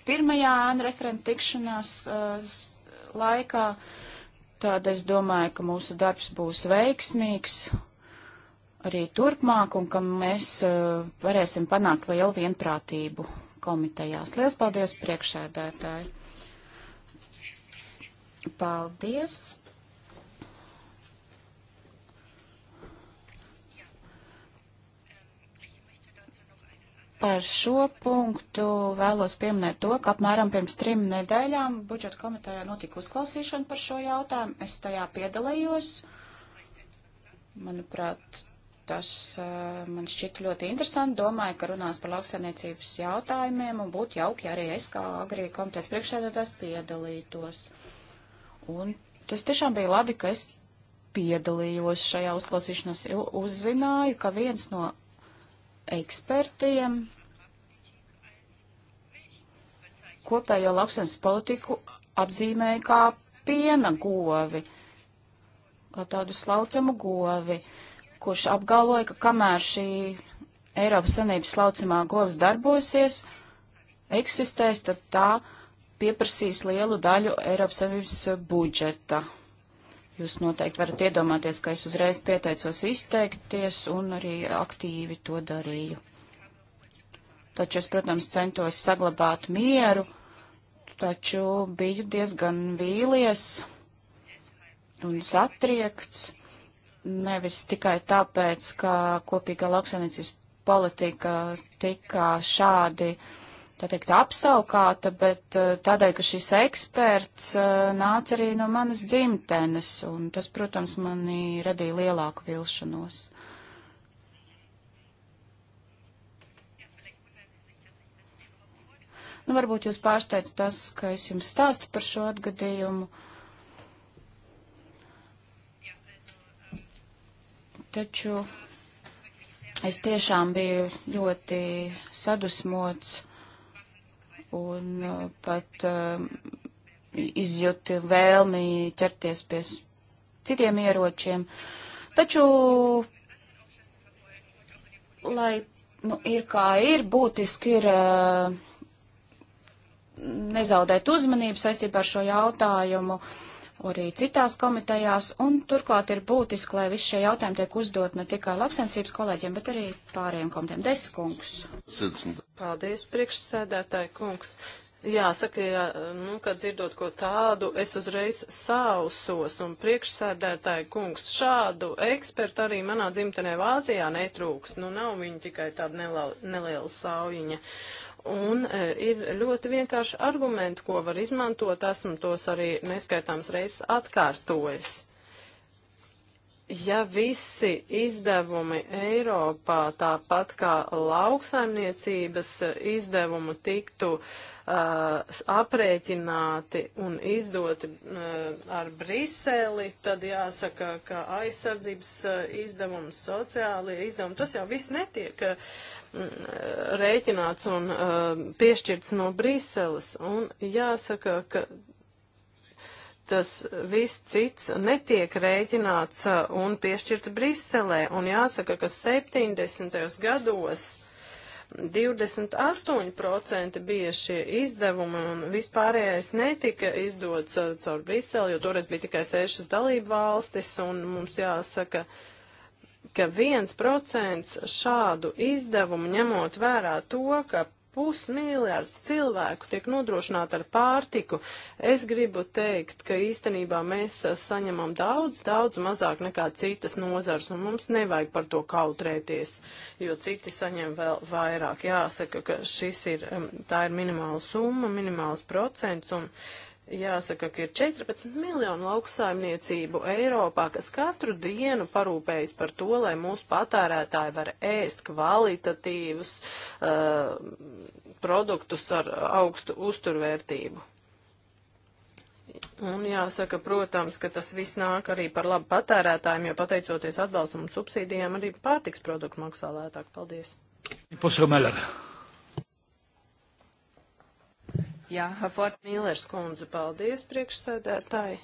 pirmajā ēnu referentu tikšanās uh, laikā, tad es domāju, ka mūsu darbs būs veiksmīgs arī turpmāk un ka mēs uh, varēsim panākt lielu vienprātību komitejās. Lielas paldies, priekšsēdētāji! Paldies! Par šo punktu vēlos pieminēt to, ka apmēram pirms trim nedēļām budžeta komitejā notika uzklausīšana par šo jautājumu. Es tajā piedalījos. Manuprāt, Tas eh, man šķita ļoti interesanti. Domāju, ka runās par lauksaimniecības jautājumiem un būtu jauki arī es kā agrī komitejas priekšsēdētājs piedalītos. Un tas tiešām bija labi, ka es piedalījos šajā uzklausīšanās. Uzzināju, ka viens no ekspertiem kopējo lauksaimnes politiku apzīmēja kā piena govi, kā tādu slaucamu govi. Uh, kurš apgalvoja, ka kamēr šī Eiropas Sanības laucamā govs darbosies, eksistēs, tad tā pieprasīs lielu daļu Eiropas Savienības uh, budžeta. Jūs noteikti varat iedomāties, ka es uzreiz pieteicos izteikties un arī aktīvi to darīju. Taču es, protams, centos saglabāt mieru, taču biju diezgan vīlies un satriekts nevis tikai tāpēc, ka kopīgā lauksaimniecības politika tika šādi tā teikt, apsaukāta, bet eh, tādēļ, ka šis eksperts eh, nāca arī no manas dzimtenes, un tas, protams, manī radīja lielāku vilšanos. Nu, varbūt jūs pārsteidz tas, ka es jums stāstu par šo atgadījumu. Uh, Taču es tiešām biju ļoti sadusmots un uh, pat um, izjūti vēlmi ķerties pie citiem ieročiem. Taču, lai nu, ir kā ir, būtiski ir uh, nezaudēt uzmanību saistībā ar šo jautājumu. Uh, arī citās komitejās, un turklāt ir būtiski, lai visi šie jautājumi tiek uzdot ne tikai lauksensības kolēģiem, bet arī pārējiem komitejiem. Deskungs. Paldies, priekšsēdētāji kungs. Jāsaka, ja, nu, kad dzirdot ko tādu, es uzreiz sausos, un priekšsēdētāji kungs šādu ekspertu arī manā dzimtenē Vācijā netrūkst, nu nav viņi tikai tāda neliela saujiņa. Un e, ir ļoti vienkārši argumenti, ko var izmantot. Esmu tos arī neskaitāms reizes atkārtojis. Ja visi izdevumi Eiropā, tāpat kā lauksaimniecības izdevumu tiktu uh, aprēķināti un izdoti uh, ar Briseli, tad jāsaka, ka aizsardzības uh, e, izdevums, sociālie izdevumi, tas jau viss netiek uh, rēķināts un uh, piešķirts no Briseles. Un jāsaka, ka tas viss cits netiek rēķināts uh, un piešķirts Briselē. Un jāsaka, ka 70. gados 28% bija šie izdevumi un vispārējais netika izdots uh, caur Briseli, jo toreiz bija tikai sešas dalību valstis un mums jāsaka, uh, ka 1% šādu izdevumu ņemot vērā to, ka pusmiljards cilvēku tiek nodrošināti ar pārtiku. Es gribu teikt, ka īstenībā mēs uh, saņemam daudz, daudz mazāk nekā citas nozars, un mums nevajag par to kautrēties, jo citi saņem vēl vairāk. Jāsaka, ka šis ir, um, tā ir minimāla summa, minimāls procents, un uh, Jāsaka, ka ir 14 miljonu lauksaimniecību Eiropā, kas katru dienu parūpējas par to, lai mūsu patērētāji var ēst kvalitatīvus uh, produktus ar augstu uzturvērtību. Un jāsaka, protams, ka tas viss nāk arī par labu patērētājiem, jo pateicoties atbalstam un subsīdijām arī pārtiks produktu maksā lētāk. Paldies! Pusru Melera. Jā, Hafort Mīlers kundze, paldies priekšsēdētāji.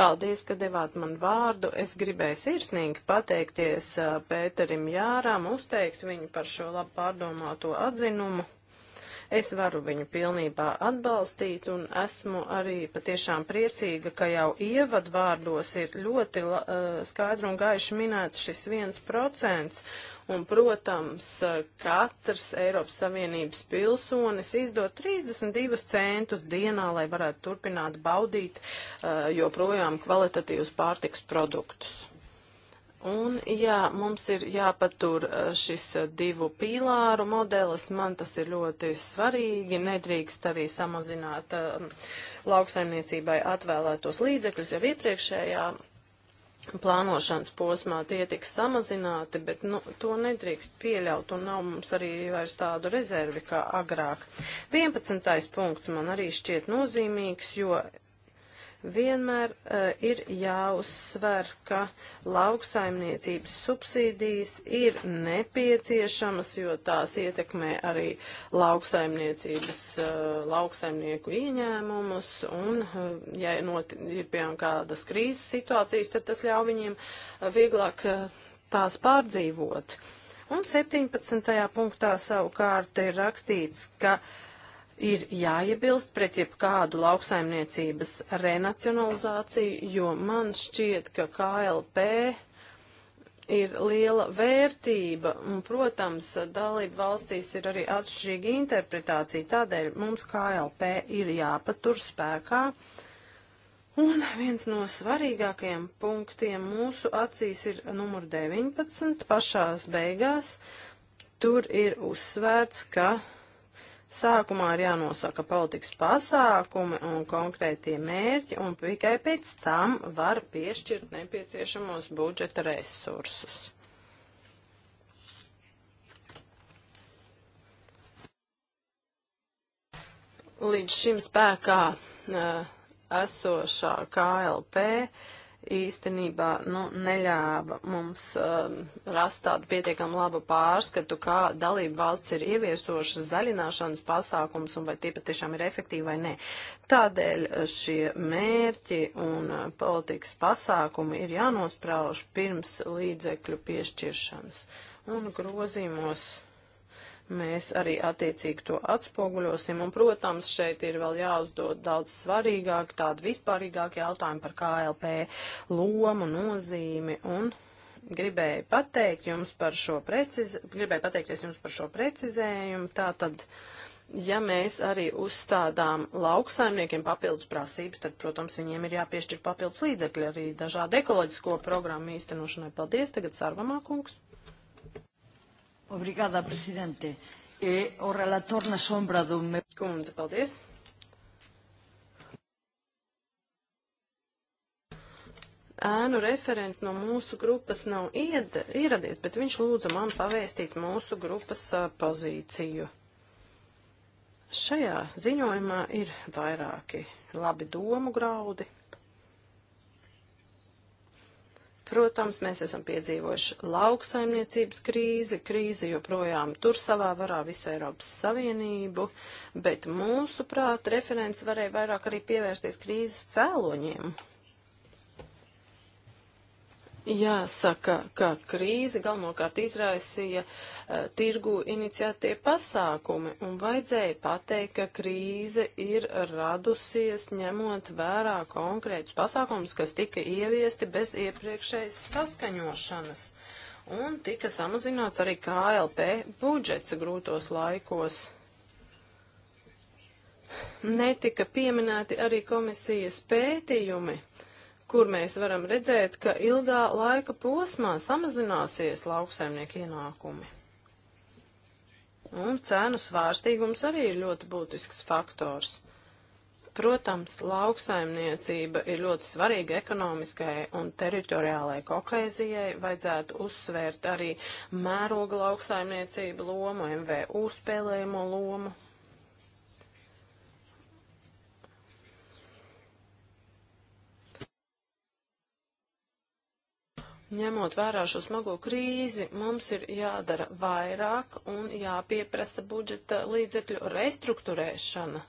Paldies, ka devāt man vārdu. Es gribēju sirsnīgi pateikties Pēterim Jāram, uzteikt viņu par šo labu pārdomāto atzinumu es varu viņu pilnībā atbalstīt un esmu arī patiešām priecīga, ka jau ievadvārdos ir ļoti uh, skaidri un gaiši minēts šis viens procents Un, protams, katrs Eiropas Savienības pilsonis izdod 32 centus dienā, lai varētu turpināt baudīt eh, joprojām kvalitatīvus pārtiks produktus. Un, jā, mums ir jāpatur eh, šis eh, divu pīlāru modelis, man tas ir ļoti svarīgi, nedrīkst arī samazināt uh, lauksaimniecībai atvēlētos līdzekļus jau iepriekšējā plānošanas posmā tie tiks samazināti, bet nu, to nedrīkst pieļaut un nav mums arī vairs tādu rezervi kā agrāk. 11. punkts man arī šķiet nozīmīgs, jo Vienmēr uh, ir jāuzsver, ka lauksaimniecības subsīdijas ir nepieciešamas, jo tās ietekmē arī lauksaimniecības, uh, lauksaimnieku ieņēmumus, un uh, ja not, ir piemēram kādas krīzes situācijas, tad tas ļauj viņiem uh, vieglāk uh, tās pārdzīvot. Un 17. punktā savukārt ir rakstīts, ka uh, ir jāiebilst pret jebkādu lauksaimniecības renacionalizāciju, jo man šķiet, ka KLP ir liela vērtība, un, protams, dalību valstīs ir arī atšķirīga interpretācija, tādēļ mums KLP ir jāpatur spēkā. Un viens no svarīgākajiem punktiem mūsu acīs ir numur 19 pašās beigās. Tur ir uzsvērts, ka Sākumā ir jānosaka politikas pasākumi un konkrētie mērķi, un tikai pēc tam var piešķirt nepieciešamos budžeta resursus. Līdz šim spēkā uh, esošā KLP uh, īstenībā nu, neļāva mums um, rast tādu pietiekam labu pārskatu, kā dalība valsts ir ieviesošas zaļināšanas pasākums un vai tie patiešām ir efektīvi vai nē. Tādēļ uh, šie mērķi un uh, politikas pasākumi ir jānosprauž pirms līdzekļu piešķiršanas un grozījumos mēs arī attiecīgi to atspoguļosim. Un, protams, šeit ir vēl jāuzdod daudz svarīgāk, tādi vispārīgāki jautājumi par KLP lomu, nozīmi un gribēju pateikt jums par šo preciz... gribēju pateikties jums par šo precizējumu. Tātad, ja mēs arī uzstādām lauksaimniekiem papildus prasības, tad, protams, viņiem ir jāpiešķir papildus līdzekļi arī dažādu ekoloģisko programmu īstenošanai. Paldies, tagad Sarvamā kungs. Obrigada, prezidente. E, o relator na sombra do meu... Kundze, paldies. ēnu referents no mūsu grupas nav ied, ieradies, bet viņš lūdza man pavēstīt mūsu grupas a, pozīciju. Šajā ziņojumā ir vairāki labi domu graudi. Protams, mēs esam piedzīvojuši lauksaimniecības krīzi, krīze joprojām tur savā varā visu Eiropas Savienību, bet mūsuprāt, referents varēja vairāk arī pievērsties krīzes cēloņiem. Jāsaka, ka krīze galvenokārt izraisīja uh, tirgu iniciētie pasākumi un vajadzēja pateikt, ka krīze ir radusies ņemot vērā konkrētus pasākumus, kas tika ieviesti bez iepriekšējas saskaņošanas un tika samazināts arī KLP budžets grūtos laikos. Netika pieminēti arī komisijas pētījumi kur mēs varam redzēt, ka ilgā laika posmā samazināsies lauksaimnieku ienākumi. Un cēnu svārstīgums arī ir ļoti būtisks faktors. Protams, lauksaimniecība ir ļoti svarīga ekonomiskai un teritoriālai kokaizijai. Vajadzētu uzsvērt arī mēroga lauksaimniecība lomu, MVU spēlējumu lomu Ņemot vērā šo smago krīzi, mums ir jādara vairāk un jāpieprasa budžeta līdzekļu restruktūrēšana.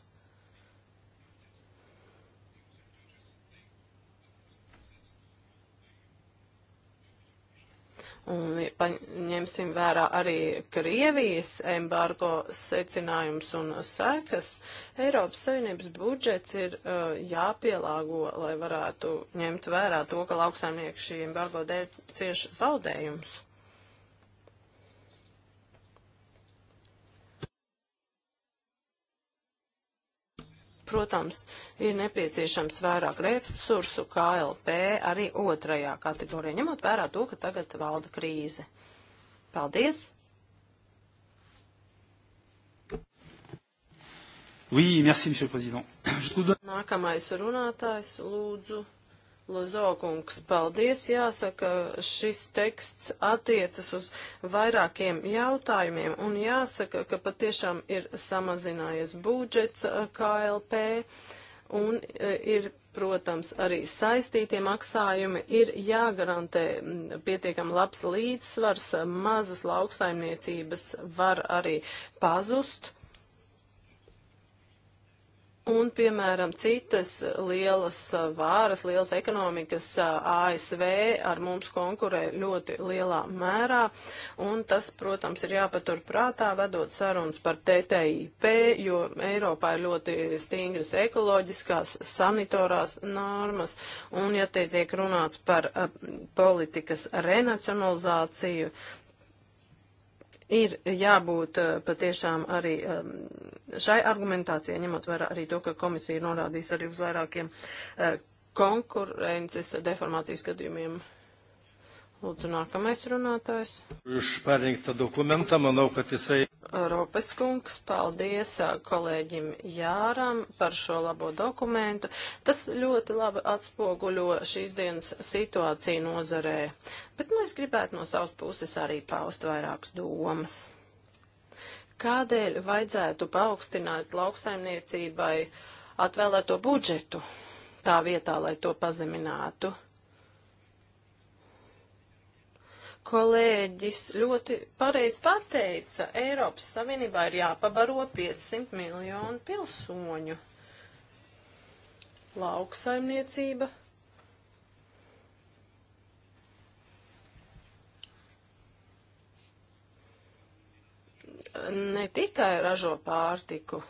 Un paņemsim vērā arī Krievijas embargo secinājums un sekas. Eiropas Savienības budžets ir uh, jāpielāgo, lai varētu ņemt vērā to, ka lauksaimnieki šī embargo dēļ cieši zaudējumus. protams, ir nepieciešams vairāk resursu KLP arī otrajā kategorijā, ņemot vērā to, ka tagad valda krīze. Paldies! Oui, merci, monsieur le président. Nākamais runātājs, lūdzu. Lozokungs, paldies. Jāsaka, šis teksts attiecas uz vairākiem jautājumiem un jāsaka, ka patiešām ir samazinājies budžets eh, KLP un eh, ir, protams, arī saistītie maksājumi. Ir jāgarantē mm, pietiekam labs līdzsvars, mazas lauksaimniecības var arī pazust Un, piemēram, citas lielas vāras, lielas ekonomikas ASV ar mums konkurē ļoti lielā mērā, un tas, protams, ir jāpatur prātā, vedot sarunas par TTIP, jo Eiropā ir ļoti stingras ekoloģiskās, sanitorās normas, un, ja te tiek runāts par a, politikas renacionalizāciju, ir jābūt eh, patiešām arī ehm, šai argumentācijai, ņemot vērā arī to, ka komisija norādīs arī uz vairākiem eh, konkurences deformācijas gadījumiem. Lūdzu, nākamais runātājs. Jūs pārņemta dokumenta, manau, ka tisai. Ropes kungs, paldies kolēģim Jāram par šo labo dokumentu. Tas ļoti labi atspoguļo šīs dienas situāciju nozarē, bet nu es gribētu no savas puses arī paust vairākas domas. Kādēļ vajadzētu paaugstināt lauksaimniecībai atvēlēto budžetu tā vietā, lai to pazeminātu? kolēģis ļoti pareizi pateica, Eiropas Savienībā ir jāpabaro 500 miljonu pilsoņu. Lauksaimniecība. Ne tikai ražo pārtiku.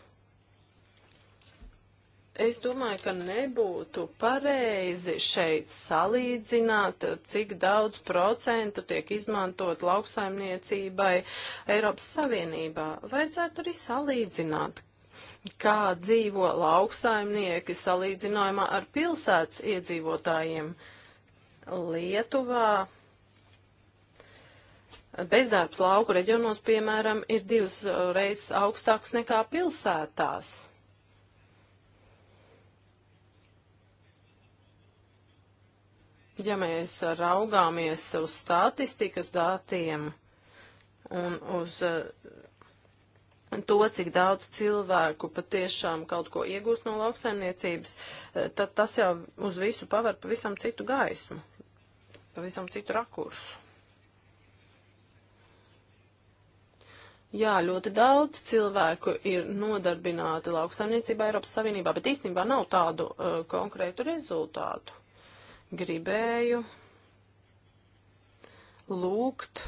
Es domāju, ka nebūtu pareizi šeit salīdzināt, cik daudz procentu tiek izmantot lauksaimniecībai Eiropas Savienībā. Vajadzētu arī salīdzināt, kā dzīvo lauksaimnieki salīdzinājumā ar pilsētas iedzīvotājiem Lietuvā. Bezdarbs lauku reģionos, piemēram, ir divas reizes augstāks nekā pilsētās. Ja mēs raugāmies uz statistikas datiem un uz eh, to, cik daudz cilvēku patiešām kaut ko iegūst no lauksaimniecības, eh, tad tas jau uz visu paver pavisam citu gaismu, pavisam citu rakursu. Jā, ļoti daudz cilvēku ir nodarbināti lauksaimniecībā Eiropas Savienībā, bet īstenībā nav tādu uh, konkrētu rezultātu gribēju lūgt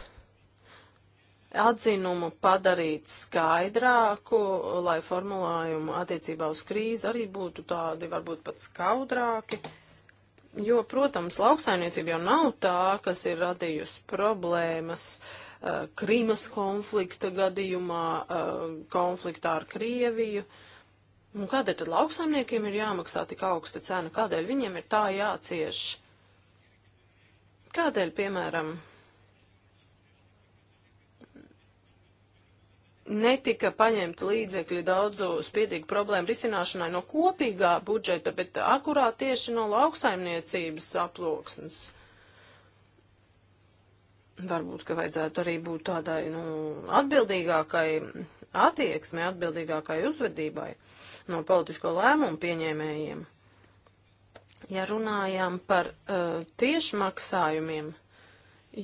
atzinumu padarīt skaidrāku, lai formulējumu attiecībā uz krīzi arī būtu tādi varbūt pat skaudrāki. Jo, protams, lauksainiecība jau nav tā, kas ir radījusi problēmas uh, Krīmas konflikta gadījumā, uh, eh, konfliktā ar Krieviju. Uh, Un nu, kādēļ tad lauksaimniekiem ir jāmaksā tik augsta cena? Kādēļ viņiem ir tā jācieš? Kādēļ, piemēram, netika paņemti līdzekļi daudzu spiedīgu problēmu risināšanai no kopīgā budžeta, bet akurāt tieši no lauksaimniecības aploksnes? Varbūt, ka vajadzētu arī būt tādai nu, atbildīgākai attieksme atbildīgākai uzvedībai no politisko lēmumu pieņēmējiem. Ja runājām par uh, tiešmaksājumiem,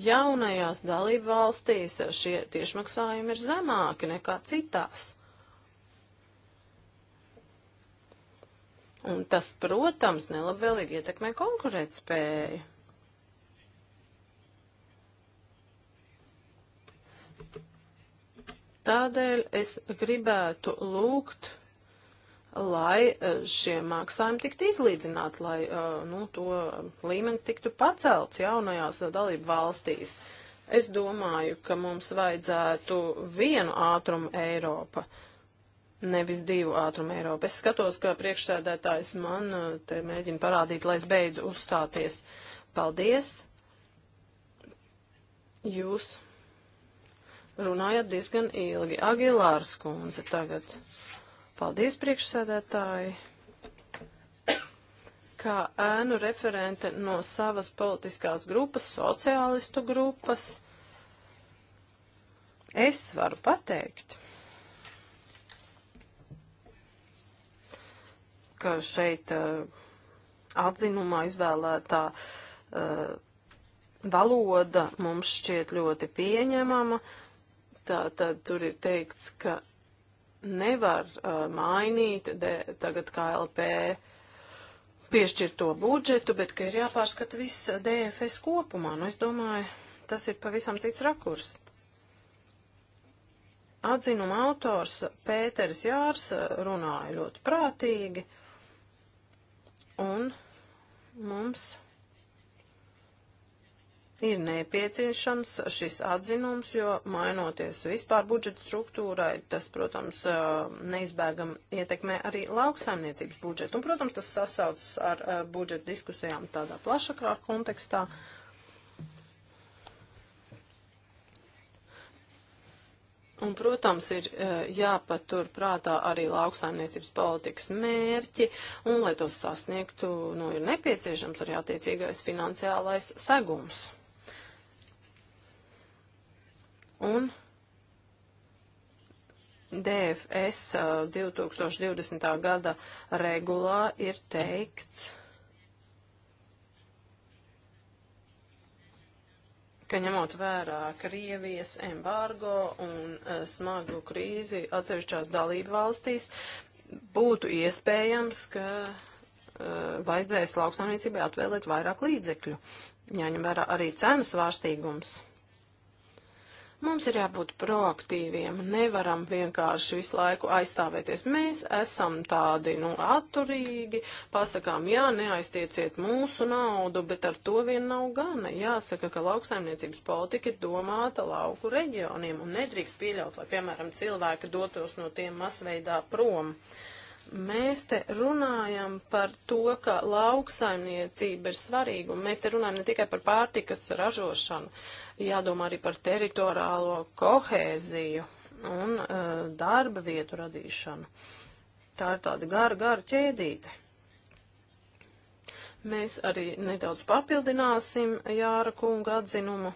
jaunajās dalību valstīs šie tiešmaksājumi ir zemāki nekā citās. Un tas, protams, nelabvēlīgi ietekmē konkurētspēju. Tādēļ es gribētu lūgt, lai eh, šie maksājumi tiktu izlīdzināti, lai eh, nu, to līmenis tiktu pacelts jaunajās eh, dalību valstīs. Es domāju, ka mums vajadzētu vienu ātrumu Eiropa, nevis divu ātrumu Eiropa. Es skatos, ka priekšsēdētājs man te mēģina parādīt, lai es beidzu uzstāties. Paldies! Jūs runājat diezgan ilgi. Agilārs kundze tagad. Paldies, priekšsēdētāji. Kā ēnu referente no savas politiskās grupas, sociālistu grupas, es varu pateikt, ka šeit uh, atzinumā izvēlētā uh, valoda mums šķiet ļoti pieņemama. Uh, Tā tad tur ir teikts, ka nevar uh, mainīt de, tagad KLP piešķirto budžetu, bet ka ir jāpārskata viss DFS kopumā. Nu, es domāju, tas ir pavisam cits rakurs. Atzinuma autors Pēters Jārs uh, runāja ļoti prātīgi, un mums ir nepieciešams šis atzinums, jo mainoties vispār budžeta struktūrai, tas, protams, neizbēgam ietekmē arī lauksaimniecības budžetu. Un, protams, tas sasaucas ar budžeta diskusijām tādā plašākā kontekstā. Un, protams, ir jāpatur prātā arī lauksaimniecības politikas mērķi, un, lai tos sasniegtu, nu, ir nepieciešams arī attiecīgais finansiālais segums un DFS 2020. Uh, gada regulā ir teikts, ka ņemot vērā Krievijas embargo un uh, smagu krīzi atsevišķās dalību valstīs, būtu iespējams, ka uh, vajadzēs lauksaimniecībai atvēlēt vairāk līdzekļu, jāņem vērā arī cenu svārstīgums. Mums ir jābūt proaktīviem, nevaram vienkārši visu laiku aizstāvēties. Mēs esam tādi, nu, atturīgi, pasakām, jā, neaiztieciet mūsu naudu, bet ar to vien nav gana. Jāsaka, ka lauksaimniecības politika ir domāta lauku reģioniem un nedrīkst pieļaut, lai, piemēram, cilvēki dotos no tiem masveidā prom. Uh, Mēs te runājam par to, ka lauksaimniecība ir svarīga, un mēs te runājam ne tikai par pārtikas ražošanu, jādomā arī par teritoriālo kohēziju un uh, darba vietu radīšanu. Tā ir tāda gara, gara ķēdīte. Mēs arī nedaudz papildināsim Jāra kunga atzinumu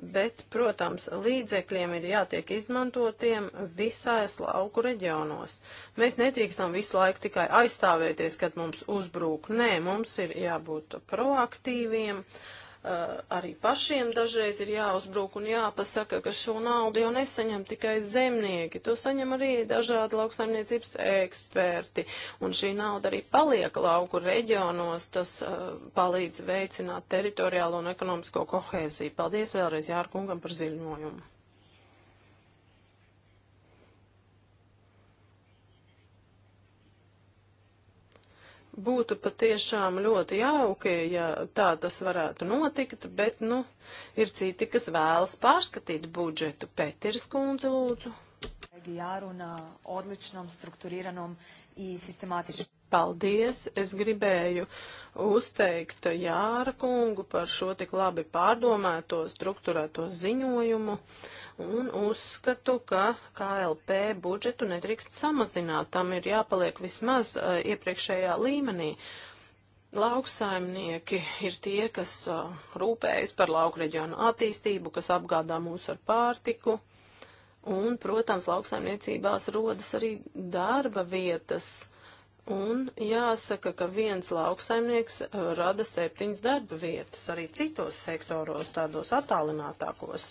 bet, protams, līdzekļiem ir jātiek izmantotiem visās lauku reģionos. Mēs netrīkstam visu laiku tikai aizstāvēties, kad mums uzbrūk. Nē, mums ir jābūt proaktīviem. Uh, Eh, arī pašiem dažreiz ir jāuzbrūk un jāpasaka, ka šo naudu jau nesaņem tikai zemnieki, to saņem arī dažādi lauksaimniecības eksperti, un šī nauda arī paliek lauku reģionos, tas uh, palīdz veicināt teritoriālo un ekonomisko kohēziju. Paldies vēlreiz Jārkungam par ziņojumu. būtu patiešām ļoti jauki, ja tā tas varētu notikt, bet, nu, ir citi, kas vēlas pārskatīt budžetu. Petirs kundze, lūdzu. Jārunā odličnom, struktūriranom i sistemātiski. Paldies! Es gribēju uzteikt Jāra kungu par šo tik labi pārdomēto, struktūrēto ziņojumu. Uh, un uzskatu, ka KLP budžetu nedrīkst samazināt, tam ir jāpaliek vismaz uh, iepriekšējā līmenī. Lauksaimnieki ir tie, kas uh, rūpējas par lauku reģionu attīstību, kas apgādā mūs ar pārtiku. Un, protams, lauksaimniecībās rodas arī darba vietas. Un jāsaka, ka viens lauksaimnieks rada septiņas darba vietas arī citos sektoros, tādos attālinātākos.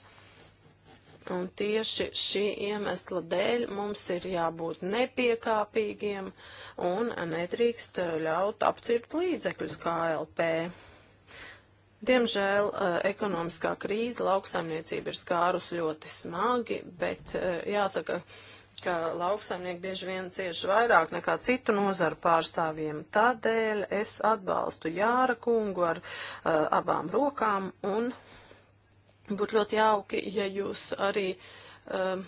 Un tieši šī iemesla dēļ mums ir jābūt nepiekāpīgiem un nedrīkst ļaut apcirt līdzekļus KLP. Diemžēl eh, ekonomiskā krīze lauksaimniecība ir skārus ļoti smagi, bet eh, jāsaka, ka lauksaimnieki bieži vien cieši vairāk nekā citu nozaru pārstāvjiem. Tādēļ es atbalstu Jāra kungu ar eh, abām rokām un Būtu ļoti jauki, ja jūs arī um,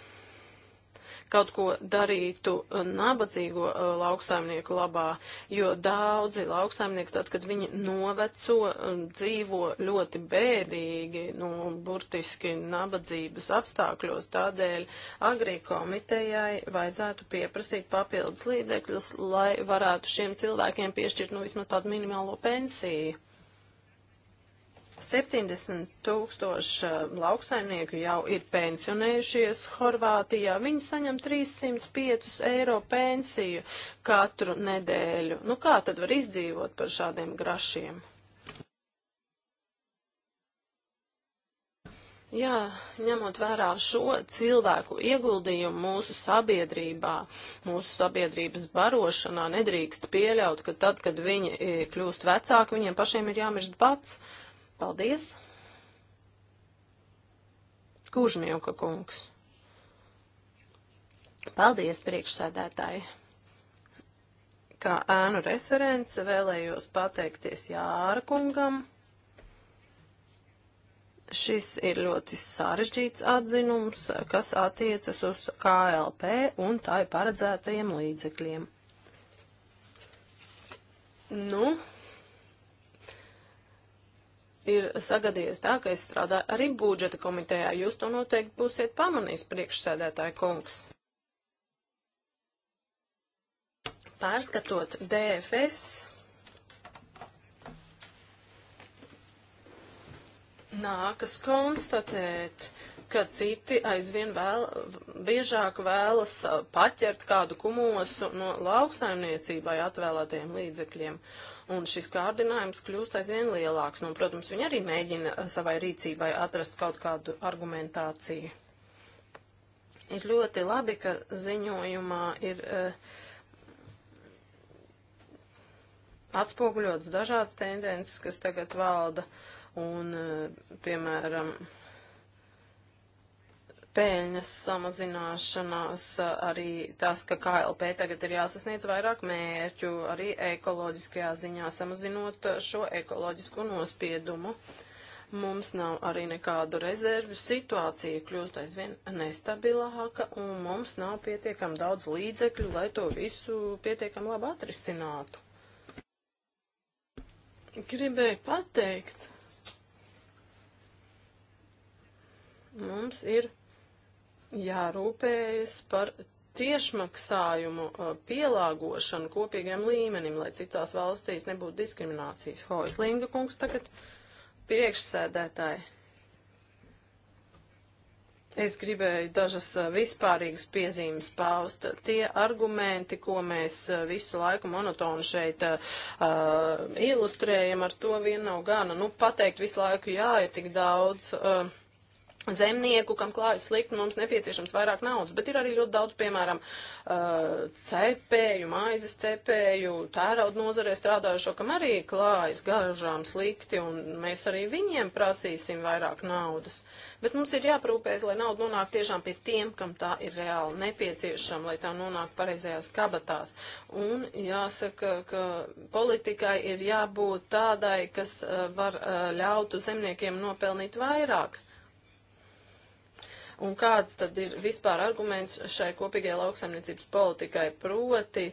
kaut ko darītu nabadzīgo uh, lauksaimnieku labā, jo daudzi lauksaimnieki, tad, kad viņi noveco, um, dzīvo ļoti bēdīgi, nu, burtiski nabadzības apstākļos. Tādēļ agrī komitejai vajadzētu pieprasīt papildus līdzekļus, lai varētu šiem cilvēkiem piešķirt, nu, vismaz tādu minimālo pensiju. 70 tūkstoši eh, lauksaimnieku jau ir pensionējušies Horvātijā. Viņi saņem 305 eiro pensiju katru nedēļu. Nu kā tad var izdzīvot par šādiem grašiem? Jā, ņemot vērā šo cilvēku ieguldījumu mūsu sabiedrībā, mūsu sabiedrības barošanā, nedrīkst pieļaut, ka tad, kad viņi eh, kļūst vecāki, viņiem pašiem ir jāmirst pats. Uh, Paldies. Kužmiuka kungs. Paldies, priekšsēdētāji. Kā ēnu reference vēlējos pateikties Jāra kungam. Šis ir ļoti sarežģīts atzinums, kas attiecas uz KLP un tai paredzētajiem līdzekļiem. Nu, ir sagadies tā, ka es strādāju arī budžeta komitejā. Jūs to noteikti būsiet pamanījis, priekšsēdētāji kungs. Pārskatot DFS, nākas konstatēt, ka citi aizvien vēl, biežāk vēlas uh, paķert kādu kumosu no lauksaimniecībai atvēlētiem līdzekļiem. Uh, un šis kārdinājums kļūst aizvien lielāks. Nu, un, protams, viņi arī mēģina uh, savai rīcībai atrast kaut kādu argumentāciju. Ir ļoti labi, ka ziņojumā ir uh, atspoguļotas dažādas tendences, kas tagad valda, un, uh, piemēram, uh, peļņas samazināšanās, arī tas, ka KLP tagad ir jāsasniedz vairāk mērķu, arī ekoloģiskajā ziņā samazinot šo ekoloģisko nospiedumu. Mums nav arī nekādu rezervju, situācija kļūst aizvien nestabilāka un mums nav pietiekam daudz līdzekļu, lai to visu pietiekam labi atrisinātu. Gribēju pateikt, mums ir jārūpējas par tiešmaksājumu uh, pielāgošanu kopīgiem līmenim, lai citās valstīs nebūtu diskriminācijas. Hojas Linga kungs tagad priekšsēdētāji. Es gribēju dažas uh, vispārīgas piezīmes paust. Tie argumenti, ko mēs uh, visu laiku monotoni šeit uh, ilustrējam, ar to vien nav gana. Nu, pateikt visu laiku, jā, ir tik daudz. Uh, zemnieku, kam klājas slikti, mums nepieciešams vairāk naudas, bet ir arī ļoti daudz, piemēram, uh, cepēju, maizes cepēju, tērauda nozarē strādājušo, kam arī klājas garažām slikti, un mēs arī viņiem prasīsim vairāk naudas. Bet mums ir jāprūpēs, lai nauda nonāk tiešām pie tiem, kam tā ir reāli nepieciešama, lai tā nonāk pareizajās kabatās. Un jāsaka, ka politikai ir jābūt tādai, kas uh, var uh, ļautu zemniekiem nopelnīt vairāk Un kāds tad ir vispār arguments šai kopīgajai lauksaimniecības politikai? Proti,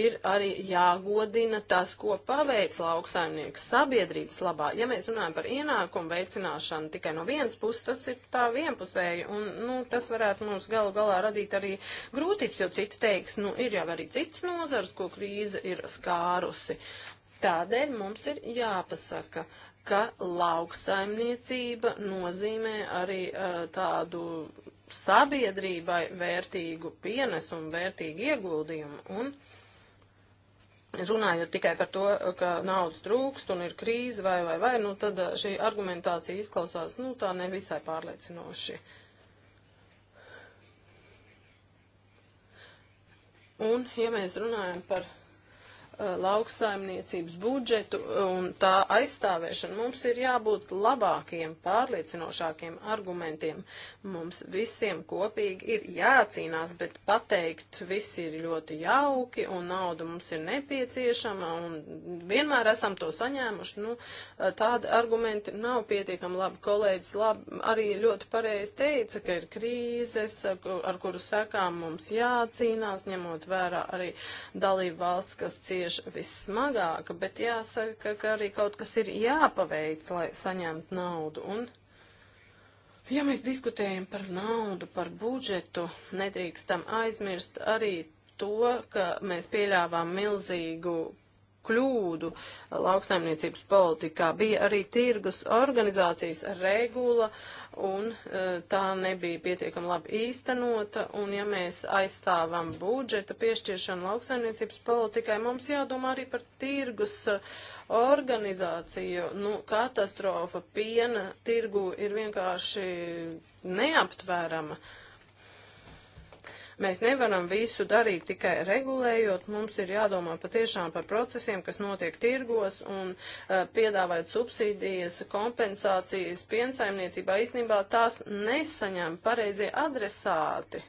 ir arī jāgodina tas, ko paveic lauksaimnieks sabiedrības labā. Ja mēs runājam par ienākumu veicināšanu tikai no vienas puses, tas ir tā vienpusēji, un nu, tas varētu mums galu galā radīt arī grūtības, jo citi teiks, nu, ir jau arī cits nozars, ko krīze ir skārusi. Tādēļ mums ir jāpasaka, ka lauksaimniecība nozīmē arī uh, tādu sabiedrībai vērtīgu pienesumu, vērtīgu ieguldījumu. Un runājot tikai par to, ka naudas trūkst un ir krīze vai vai vai, nu tad eh, šī argumentācija izklausās, nu tā nevisai pārliecinoši. Un, ja mēs runājam par Uh, lauksaimniecības budžetu un tā aizstāvēšanu. Mums ir jābūt labākiem, pārliecinošākiem argumentiem. Mums visiem kopīgi ir jācīnās, bet pateikt visi ir ļoti jauki un nauda mums ir nepieciešama un vienmēr esam to saņēmuši. Nu, uh, tādi argumenti nav pietiekami labi. Kolēģis labi, arī ļoti pareizi teica, ka ir krīzes, ar kuru sekām mums jācīnās, ņemot vērā arī dalību valsts, kas cīnās cieš vissmagāk, bet jāsaka, ka arī kaut kas ir jāpaveic, lai saņemtu naudu. Un, ja mēs diskutējam par naudu, par budžetu, nedrīkstam aizmirst arī to, ka mēs pieļāvām milzīgu kļūdu lauksaimniecības politikā. Bija arī tirgus organizācijas regula, uh, un e, tā nebija pietiekami labi īstenota, un ja mēs aizstāvam budžeta piešķiršanu lauksaimniecības politikai, mums jādomā arī par tirgus e, organizāciju. Nu, katastrofa piena tirgu ir vienkārši neaptvērama. Uh, Mēs nevaram visu darīt tikai regulējot, mums ir jādomā patiešām par procesiem, kas notiek tirgos un uh, piedāvājot subsīdijas, kompensācijas piensaimniecībā, īstenībā tās nesaņem pareizie adresāti.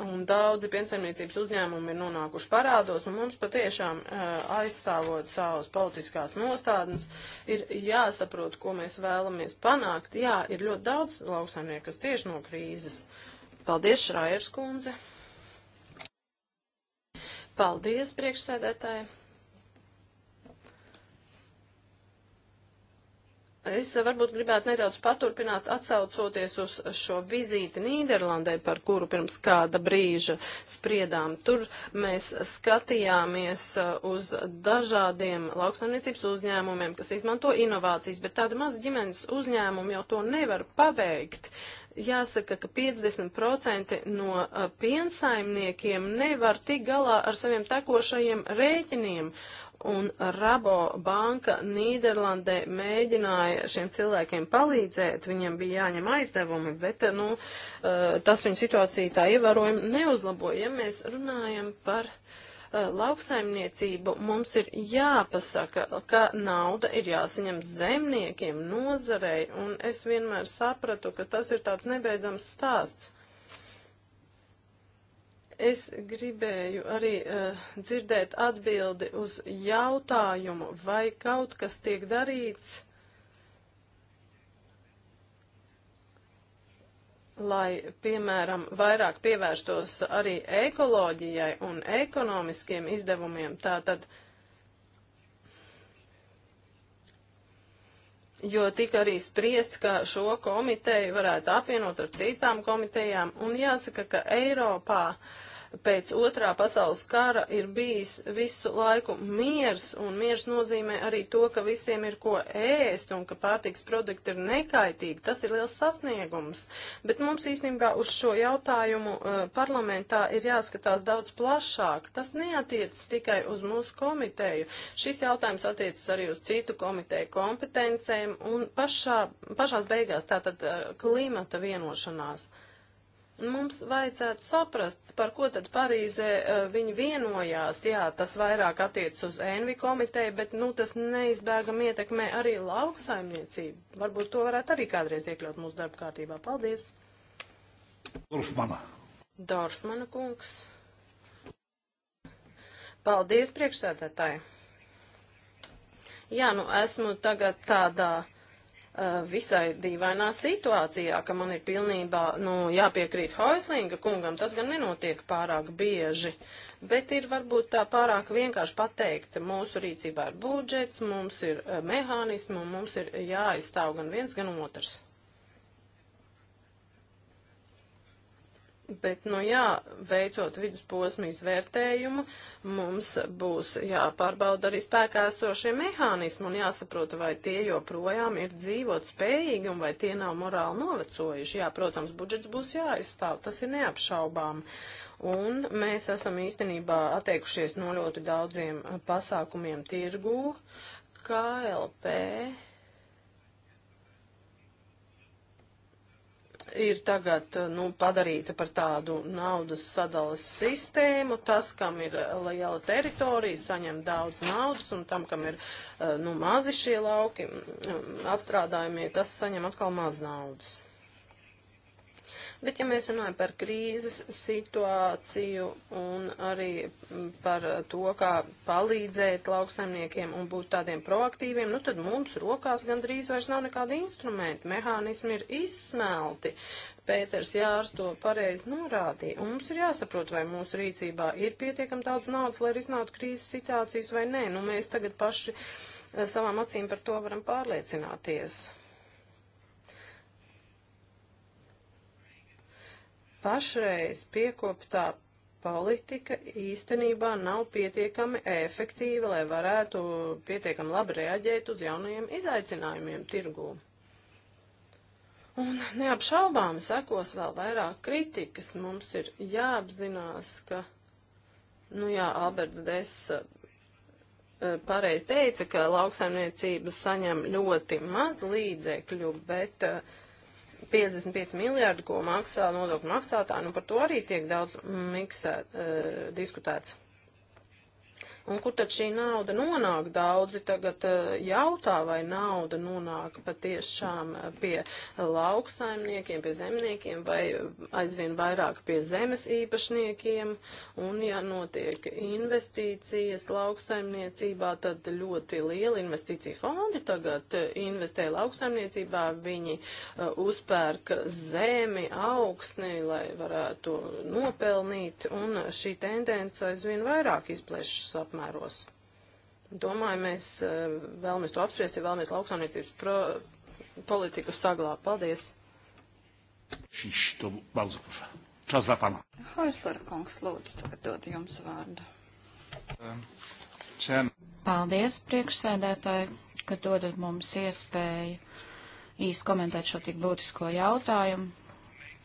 Un daudzi piensaimniecības uzņēmumi ir nonākuši parādos, un mums patiešām eh, aizstāvot savas politiskās nostādnes, ir jāsaprot, ko mēs vēlamies panākt. Jā, ir ļoti daudz lauksaimnieku, kas cieši no krīzes. Paldies, Šrājers kundze! Paldies, priekšsēdētāji! Es varbūt gribētu nedaudz paturpināt, atsaucoties uz šo vizīti Nīderlandē, par kuru pirms kāda brīža spriedām. Tur mēs skatījāmies uh, uz dažādiem lauksaimniecības uzņēmumiem, kas izmanto inovācijas, bet tāda maza ģimenes uzņēmuma jau to nevar paveikt. Jāsaka, ka 50% no uh, piensaimniekiem nevar tik galā ar saviem tekošajiem rēķiniem, un Rabo banka Nīderlandē mēģināja šiem cilvēkiem palīdzēt, viņiem bija jāņem aizdevumi, bet eh, nu, eh, tas viņu situāciju tā ievērojami neuzlaboja. Ja mēs runājam par eh, lauksaimniecību, mums ir jāpasaka, ka nauda ir jāsaņem zemniekiem, nozarei, un es vienmēr sapratu, ka tas ir tāds nebeidzams stāsts Es gribēju arī uh, dzirdēt atbildi uz jautājumu, vai kaut kas tiek darīts, lai, piemēram, vairāk pievērstos arī ekoloģijai un ekonomiskiem izdevumiem. Tātad, jo tika arī spriests, ka šo komiteju varētu apvienot ar citām komitejām, un jāsaka, ka Eiropā uh, pēc otrā pasaules kara ir bijis visu laiku miers, un miers nozīmē arī to, ka visiem ir ko ēst un ka pārtiks produkti ir nekaitīgi. Tas ir liels sasniegums. Bet mums īstenībā uz šo jautājumu uh, parlamentā ir jāskatās daudz plašāk. Tas neatiecas tikai uz mūsu komiteju. Šis jautājums attiecas arī uz citu komiteju kompetencēm un pašā, pašās beigās tātad uh, klimata vienošanās. Uh, Mums vajadzētu saprast, par ko tad Parīzē uh, viņi vienojās. Jā, tas vairāk attiec uz Envi komiteju, bet, nu, tas neizbēgam ietekmē arī lauksaimniecību. Varbūt to varētu arī kādreiz iekļaut mūsu darba kārtībā. Paldies! Dorfmana. Dorfmana kungs. Paldies priekšsēdētāji. Jā, nu, esmu tagad tādā Uh, visai dīvainā situācijā, ka man ir pilnībā nu, jāpiekrīt Hoislinga kungam, tas gan nenotiek pārāk bieži, bet ir varbūt tā pārāk vienkārši pateikt, mūsu rīcībā ir budžets, mums ir uh, mehānismi un mums ir jāizstāv gan viens, gan otrs. Bet, nu jā, veicot vidusposmu izvērtējumu, mums būs jāpārbauda arī spēkā esošie mehānismi un jāsaprota, vai tie joprojām ir dzīvot spējīgi un vai tie nav morāli novecojuši. Jā, protams, budžets būs jāizstāv, tas ir neapšaubām. Un mēs esam īstenībā atteikušies no ļoti daudziem pasākumiem tirgū, KLP ir tagad eh, nu, padarīta par tādu naudas sadalas sistēmu. Tas, kam ir eh, liela teritorija, saņem daudz naudas, un tam, kam ir eh, nu, mazi šie lauki mm, apstrādājumie, tas saņem atkal maz naudas. Bet ja mēs runājam par krīzes situāciju un arī mm, par eh, to, kā palīdzēt lauksaimniekiem un būt tādiem proaktīviem, nu tad mums rokās gandrīz vairs nav nekādi instrumenti, mehānismi ir izsmelti. Pēters Jārs to pareizi norādīja, un mums ir jāsaprot, vai mūsu rīcībā ir pietiekam daudz naudas, lai risinātu krīzes situācijas vai nē. Nu, mēs tagad paši eh, savām acīm par to varam pārliecināties. pašreiz piekoptā politika īstenībā nav pietiekami efektīva, lai varētu pietiekami labi reaģēt uz jaunajiem izaicinājumiem tirgū. Un neapšaubām sekos vēl vairāk kritikas. Mums ir jāapzinās, ka, nu jā, Alberts Dess eh, pareiz teica, ka lauksaimniecība saņem ļoti maz līdzekļu, bet uh, 55 miljārdi, ko maksā nodokļu maksātāji, nu par to arī tiek daudz miksē, uh, eh, diskutēts. Un kur tad šī nauda nonāk? Daudzi tagad eh, jautā, vai nauda nonāk patiešām eh, pie lauksaimniekiem, pie zemniekiem, vai aizvien vairāk pie zemes īpašniekiem. Un ja notiek investīcijas lauksaimniecībā, tad ļoti lieli investīciju fondi tagad eh, investē lauksaimniecībā. Viņi uh, uzpērk zemi, augsni, lai varētu nopelnīt. Un šī tendence aizvien vairāk izplešas ap apmēros. Domāju, mēs eh, vēlamies to apspriest, ja vēlamies lauksaimniecības pro... politiku saglābt. Paldies! Šis to balzu pušā. Čas vēl pana. Haisler kungs, lūdzu, tagad dod jums vārdu. Čem. Um, Paldies, priekšsēdētāji, ka dodat mums iespēju īsti komentēt šo tik būtisko jautājumu.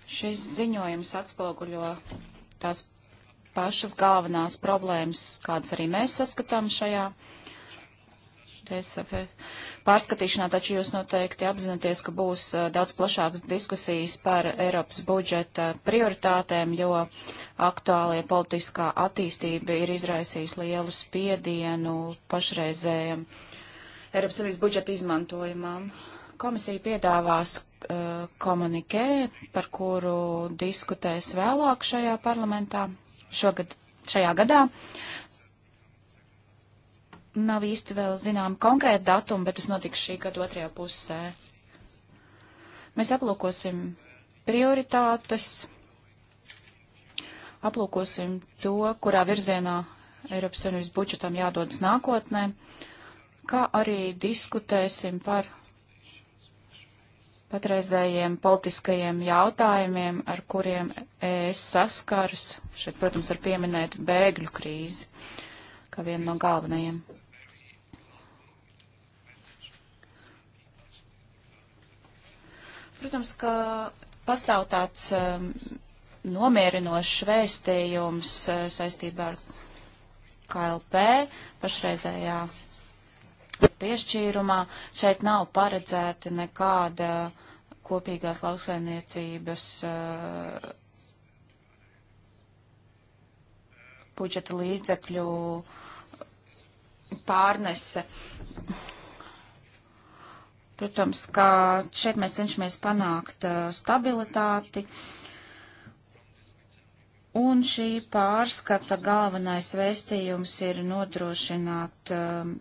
Šis ziņojums atspoguļo tās pašas galvenās problēmas, kādas arī mēs saskatām šajā DSP pārskatīšanā, taču jūs noteikti apzināties, ka būs daudz plašākas diskusijas par Eiropas budžeta prioritātēm, jo aktuālie politiskā attīstība ir izraisījis lielu spiedienu pašreizējiem Eiropas Savienības budžeta izmantojumam. Komisija piedāvās uh, komunikē, par kuru diskutēs vēlāk šajā parlamentā šogad, šajā gadā. Nav īsti vēl zinām konkrēti datumi, bet tas notiks šī gada otrajā pusē. Mēs aplūkosim prioritātes, aplūkosim to, kurā virzienā Eiropas Savienības budžetam jādodas nākotnē, kā arī diskutēsim par patreizējiem politiskajiem jautājumiem, ar kuriem es saskars. Šeit, protams, var pieminēt bēgļu krīzi kā vienu no galvenajiem. Protams, ka pastāv tāds um, nomierinošs vēstījums uh, saistībā ar KLP pašreizējā piešķīrumā. Šeit nav paredzēta nekāda kopīgās lauksainiecības uh, budžeta līdzekļu pārnese. Protams, ka šeit mēs cenšamies panākt uh, stabilitāti. Un šī pārskata galvenais vēstījums ir nodrošināt uh,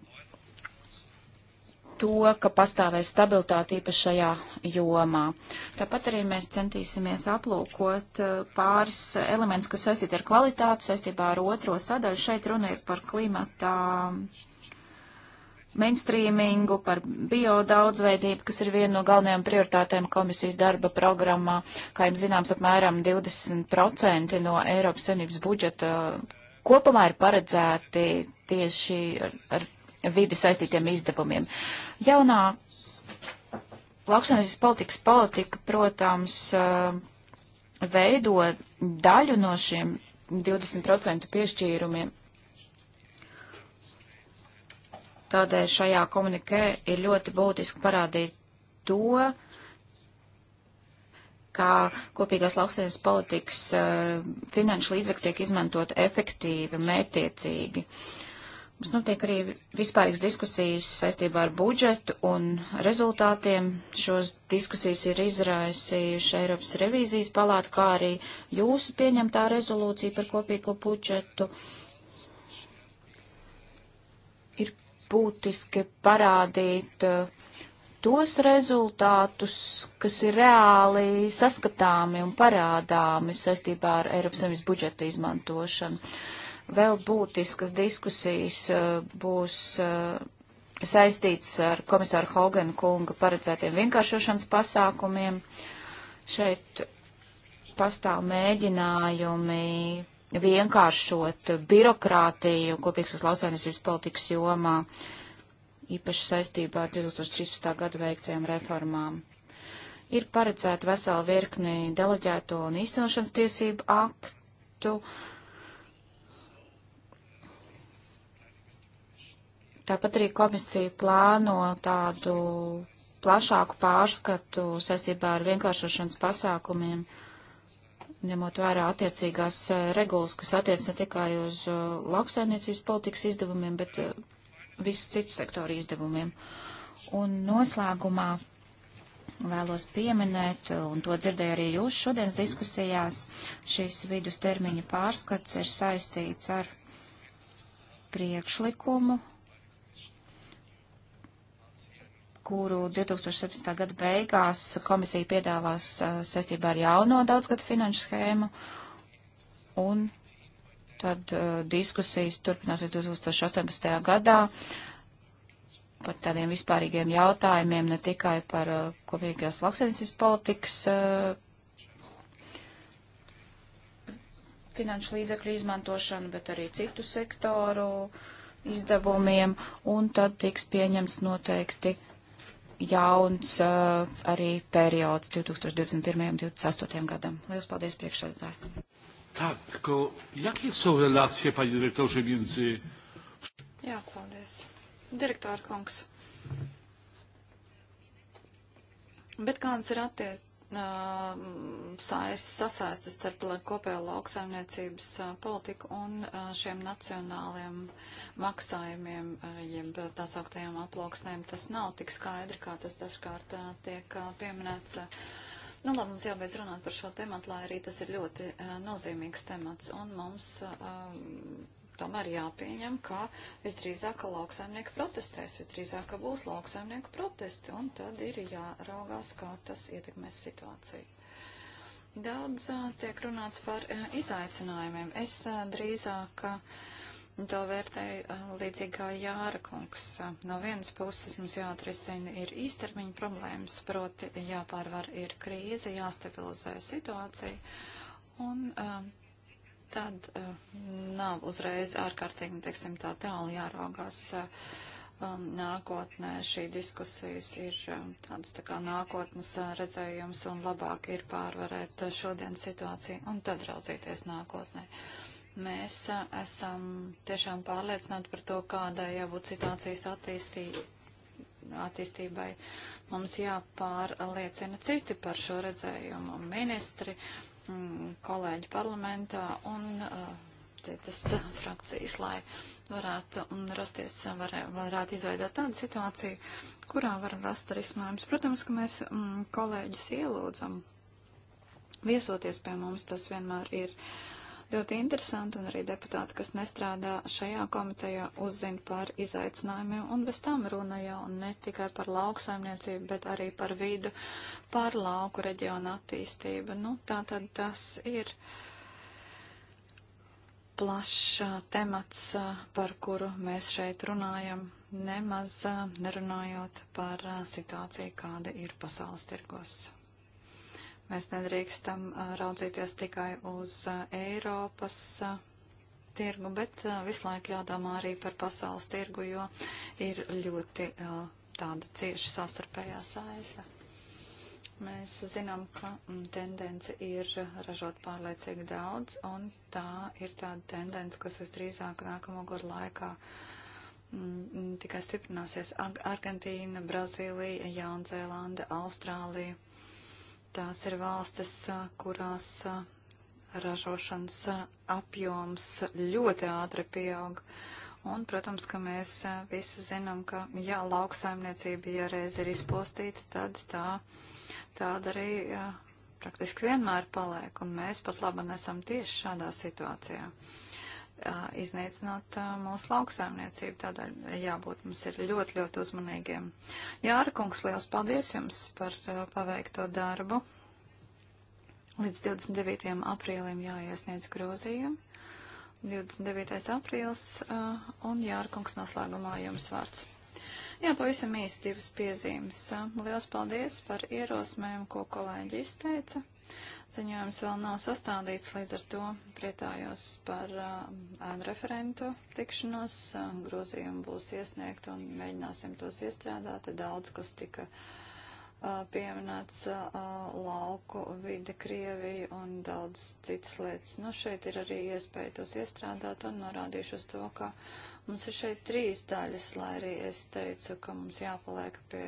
to, ka pastāvēs stabilitāte īpašajā jomā. Tāpat arī mēs centīsimies aplūkot eh, pāris elements, kas saistīti ar kvalitāti, saistībā ar otro sadaļu. Šeit runa ir par klimatā mm, mainstreamingu, par biodaudzveidību, kas ir viena no galvenajām prioritātēm komisijas darba programmā. Kā jums zināms, apmēram 20% no Eiropas Savienības budžeta kopumā ir paredzēti tieši ar, ar vidi saistītiem izdevumiem. Uh, Jaunā lauksaimniecības politikas politika, protams, eh, veido daļu no šiem 20% piešķīrumiem. Tādēļ šajā komunikē ir ļoti būtiski parādīt to, kā kopīgās lauksainas politikas eh, finanšu līdzekļi tiek izmantot efektīvi, mērtiecīgi. Uh, Mums notiek arī vispārīgas diskusijas saistībā ar budžetu un rezultātiem. Šos diskusijas ir izraisījuši Eiropas revīzijas palāta, kā arī jūsu pieņemtā rezolūcija par kopīgo budžetu. Ir būtiski parādīt uh, tos rezultātus, kas ir reāli saskatāmi un parādāmi saistībā ar Eiropas Savienības budžeta izmantošanu. Uh, Vēl būtiskas diskusijas uh, būs uh, saistīts ar komisāru Hoganu kunga paredzētiem vienkāršošanas pasākumiem. Šeit pastāv mēģinājumi vienkāršot birokrātiju kopīgas lausainisības politikas jomā, īpaši saistībā ar 2013. gadu veiktajām reformām. Ir paredzēta vesela virkni deleģēto un īstenošanas tiesību aktu, uh, Tāpat arī komisija plāno tādu plašāku pārskatu saistībā ar vienkāršošanas pasākumiem ņemot vērā attiecīgās eh, regulas, kas attiec ne tikai uz eh, lauksainiecības politikas izdevumiem, bet eh, visu citu sektoru izdevumiem. Un noslēgumā vēlos pieminēt, un to dzirdēju arī jūs šodienas diskusijās, šīs vidus termiņa pārskats ir saistīts ar priekšlikumu kuru 2017. gada beigās komisija piedāvās saistībā ar jauno daudzgadu finanšu schēmu, un tad uh, diskusijas turpināsies 2018. gadā par tādiem vispārīgiem jautājumiem, ne tikai par uh, kopīgās lauksainicības politikas uh, finanšu līdzekļu izmantošanu, bet arī citu sektoru izdevumiem, un tad tiks pieņemts noteikti jauns uh, arī periods 2021. un 2028. gadam. Lielas paldies priekšsēdētāji. Tā, ko, jakie savu relācija, paļi direktorši, między... Jā, paldies. Direktāra kungs. Bet kādas ir attiecības? Um, sasaistas starp kopējo lauksaimniecības uh, politiku un uh, šiem nacionāliem maksājumiem, uh, jeb tā sauktajām aploksnēm. Tas nav tik skaidri, kā tas dažkārt tiek pieminēts. Nu, labi, mums jābeidz runāt par šo tematu, lai arī tas ir ļoti nozīmīgs temats, un mums tomēr jāpieņem, ka visdrīzāk, ka lauksaimnieki protestēs, visdrīzāk, ka būs lauksaimnieku protesti, un tad ir jāraugās, kā tas ietekmēs situāciju. Daudz tiek runāts par izaicinājumiem. Es drīzāk to vērtēju līdzīgi kā Jāra kungs. No vienas puses mums jāatrisina ir īstermiņa problēmas, proti jāpārvar ir krīze, jāstabilizē situācija. Un uh, tad uh, nav uzreiz ārkārtīgi, teiksim, tā tālu jāraugās uh, um, nākotnē. Šī diskusijas ir um, tāds tā kā nākotnes uh, redzējums un labāk ir pārvarēt uh, šodienas situāciju un tad raudzīties nākotnē. Mēs uh, esam tiešām pārliecināti par to, kādai jābūt situācijas attīstī, attīstībai. Mums jāpārliecina citi par šo redzējumu ministri Mm, kolēģi parlamentā un eh, citas frakcijas, lai varētu rasties, var, varētu izveidot tādu situāciju, kurā var rast risinājums. Protams, ka mēs mm, kolēģis ielūdzam viesoties pie mums, tas vienmēr ir uh, Ļoti interesanti, un arī deputāti, kas nestrādā šajā komitejā, uzzina par izaicinājumiem, un bez tam runa jau ne tikai par lauksaimniecību, bet arī par vidu, par lauku reģionu attīstību. Nu, tā tad tas ir plašs temats, par kuru mēs šeit runājam, nemaz nerunājot par situāciju, kāda ir pasaules tirgos. Mēs nedrīkstam raudzīties tikai uz Eiropas tirgu, bet visu laiku jādomā arī par pasaules tirgu, jo ir ļoti tāda cieša savstarpējā saita. Mēs zinām, ka tendence ir ražot pārliecīgi daudz, un tā ir tāda tendence, kas visdrīzāk nākamo gadu laikā m, tikai stiprināsies Argentīna, Brazīlija, Jaunzēlanda, Austrālija. Tās ir valstis, kurās ražošanas apjoms ļoti ātri pieaug. Un, protams, ka mēs visi zinām, ka, ja lauksaimniecība ja reiz ir izpostīta, tad tā, tāda arī jā, praktiski vienmēr paliek. Un mēs pat labi nesam tieši šādā situācijā. Uh, iznīcināt mūsu lauksaimniecību. Tādēļ jābūt mums ir ļoti, ļoti uzmanīgiem. Jāra kungs, liels paldies jums par paveikto darbu. Līdz 29. aprīlim jāiesniedz grozījumi. 29. aprīls un Jāra kungs noslēgumā jums vārds. Jā, pavisam īsti divas piezīmes. Liels paldies par ierosmēm, ko kolēģi izteica. Ziņojums vēl nav sastādīts, līdz ar to priecājos par uh, ēnu uh, referentu tikšanos. Uh, grozījumi būs iesniegti un mēģināsim tos iestrādāt. Daudz, kas tika uh, pieminēts lauku vide Krieviju un daudz citas lietas. Nu, šeit ir arī iespēja tos iestrādāt un norādīšu uz to, ka mums ir šeit trīs daļas, lai arī es teicu, ka mums jāpaliek pie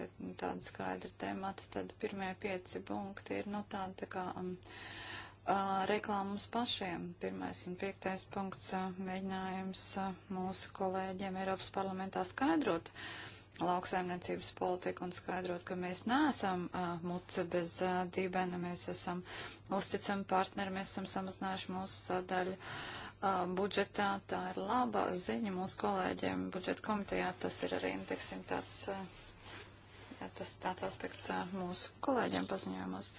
tāda skaidra temata, tad pirmie pieci punkti ir, nu, tāda tā kā um, uh, reklāmas pašiem. Pirmais un piektais punkts uh, mēģinājums uh, mūsu kolēģiem Eiropas parlamentā skaidrot. Uh, lauksaimniecības politiku un skaidrot, ka mēs neesam uh, muca bez uh, dībena, mēs esam uzticami partneri, mēs esam samazinājuši mūsu sadaļu uh, budžetā. Tā ir laba ziņa mūsu kolēģiem budžeta komitejā. Tas ir arī, nu, teiksim, tāds, uh, jā, tas, tāds aspekts uh, mūsu kolēģiem paziņojumos.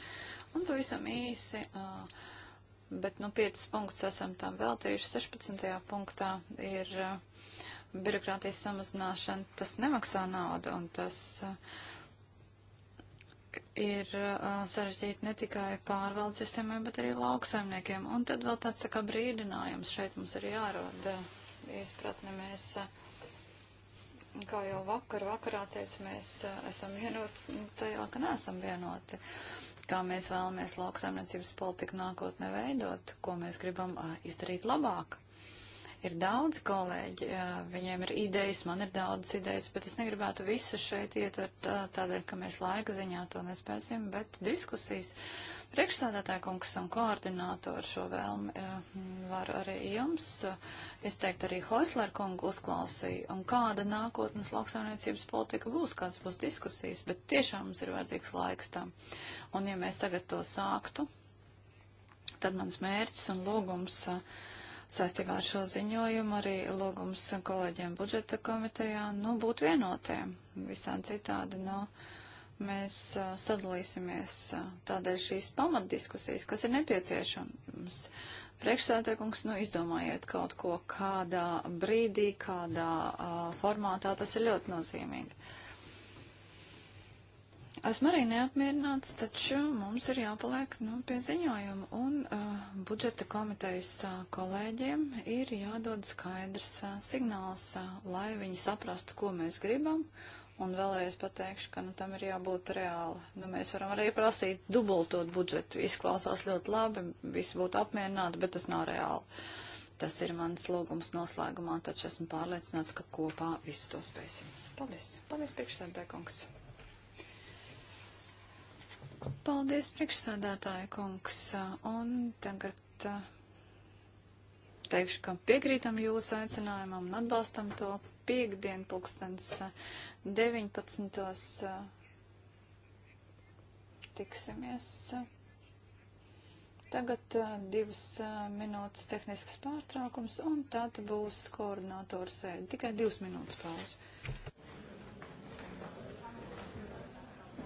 Un pavisam īsi. Uh, Bet, nu, 5 punktus esam tam veltījuši. 16. punktā ir uh, birokrātijas samazināšana, tas nemaksā naudu un tas uh, ir uh, sarežģīti ne tikai pārvaldes sistēmai, bet arī lauksaimniekiem. Un tad vēl tāds tā kā brīdinājums šeit mums ir jāroda izpratne. Mēs, uh, kā jau vakar, vakarā teicu, mēs esam vienoti nu, tajā, ka neesam vienoti kā mēs vēlamies lauksaimniecības politiku nākotnē veidot, ko mēs gribam izdarīt labāk. Ir daudz kolēģi, viņiem ir idejas, man ir daudz idejas, bet es negribētu visu šeit ietvert tādēļ, ka mēs laika ziņā to nespēsim, bet diskusijas priekšstādātāja kungs un koordinātori šo vēlmi var arī jums izteikt arī Hoisler kungu uzklausīja un kāda nākotnes lauksaimniecības politika būs, kāds būs diskusijas, bet tiešām mums ir vajadzīgs laiks tam. Un ja mēs tagad to sāktu, tad mans mērķis un lūgums. Uh, saistībā ar šo ziņojumu arī lūgums kolēģiem budžeta komitejā, nu, būt vienotiem. Visādi citādi, nu, mēs uh, sadalīsimies uh, tādēļ šīs pamatdiskusijas, kas ir nepieciešams. Priekšsēdētājs, nu, izdomājiet kaut ko, kādā brīdī, kādā uh, formātā tas ir ļoti nozīmīgi. Esmu arī neapmierināts, taču mums ir jāpaliek nu, pie ziņojuma, un uh, budžeta komitejas uh, kolēģiem ir jādod skaidrs uh, signāls, uh, lai viņi saprastu, ko mēs gribam, un vēlreiz pateikšu, ka nu, tam ir jābūt reāli. Nu, mēs varam arī prasīt dubultot budžetu, izklausās ļoti labi, visi būtu apmierināti, bet tas nav reāli. Tas ir mans lūgums noslēgumā, taču esmu pārliecināts, ka kopā visu to spēsim. Paldies! Paldies, priekšsēdētāj kungs! Paldies, priekšsādātāja kungs. Un tagad eh, teikšu, ka piekrītam jūsu aicinājumam un atbalstam to piekdien pulkstens 19. Eh, eh, tiksimies. Tagad divas minūtes tehnisks pārtraukums un tad būs koordinātors sēde. Tikai divas minūtes pauze.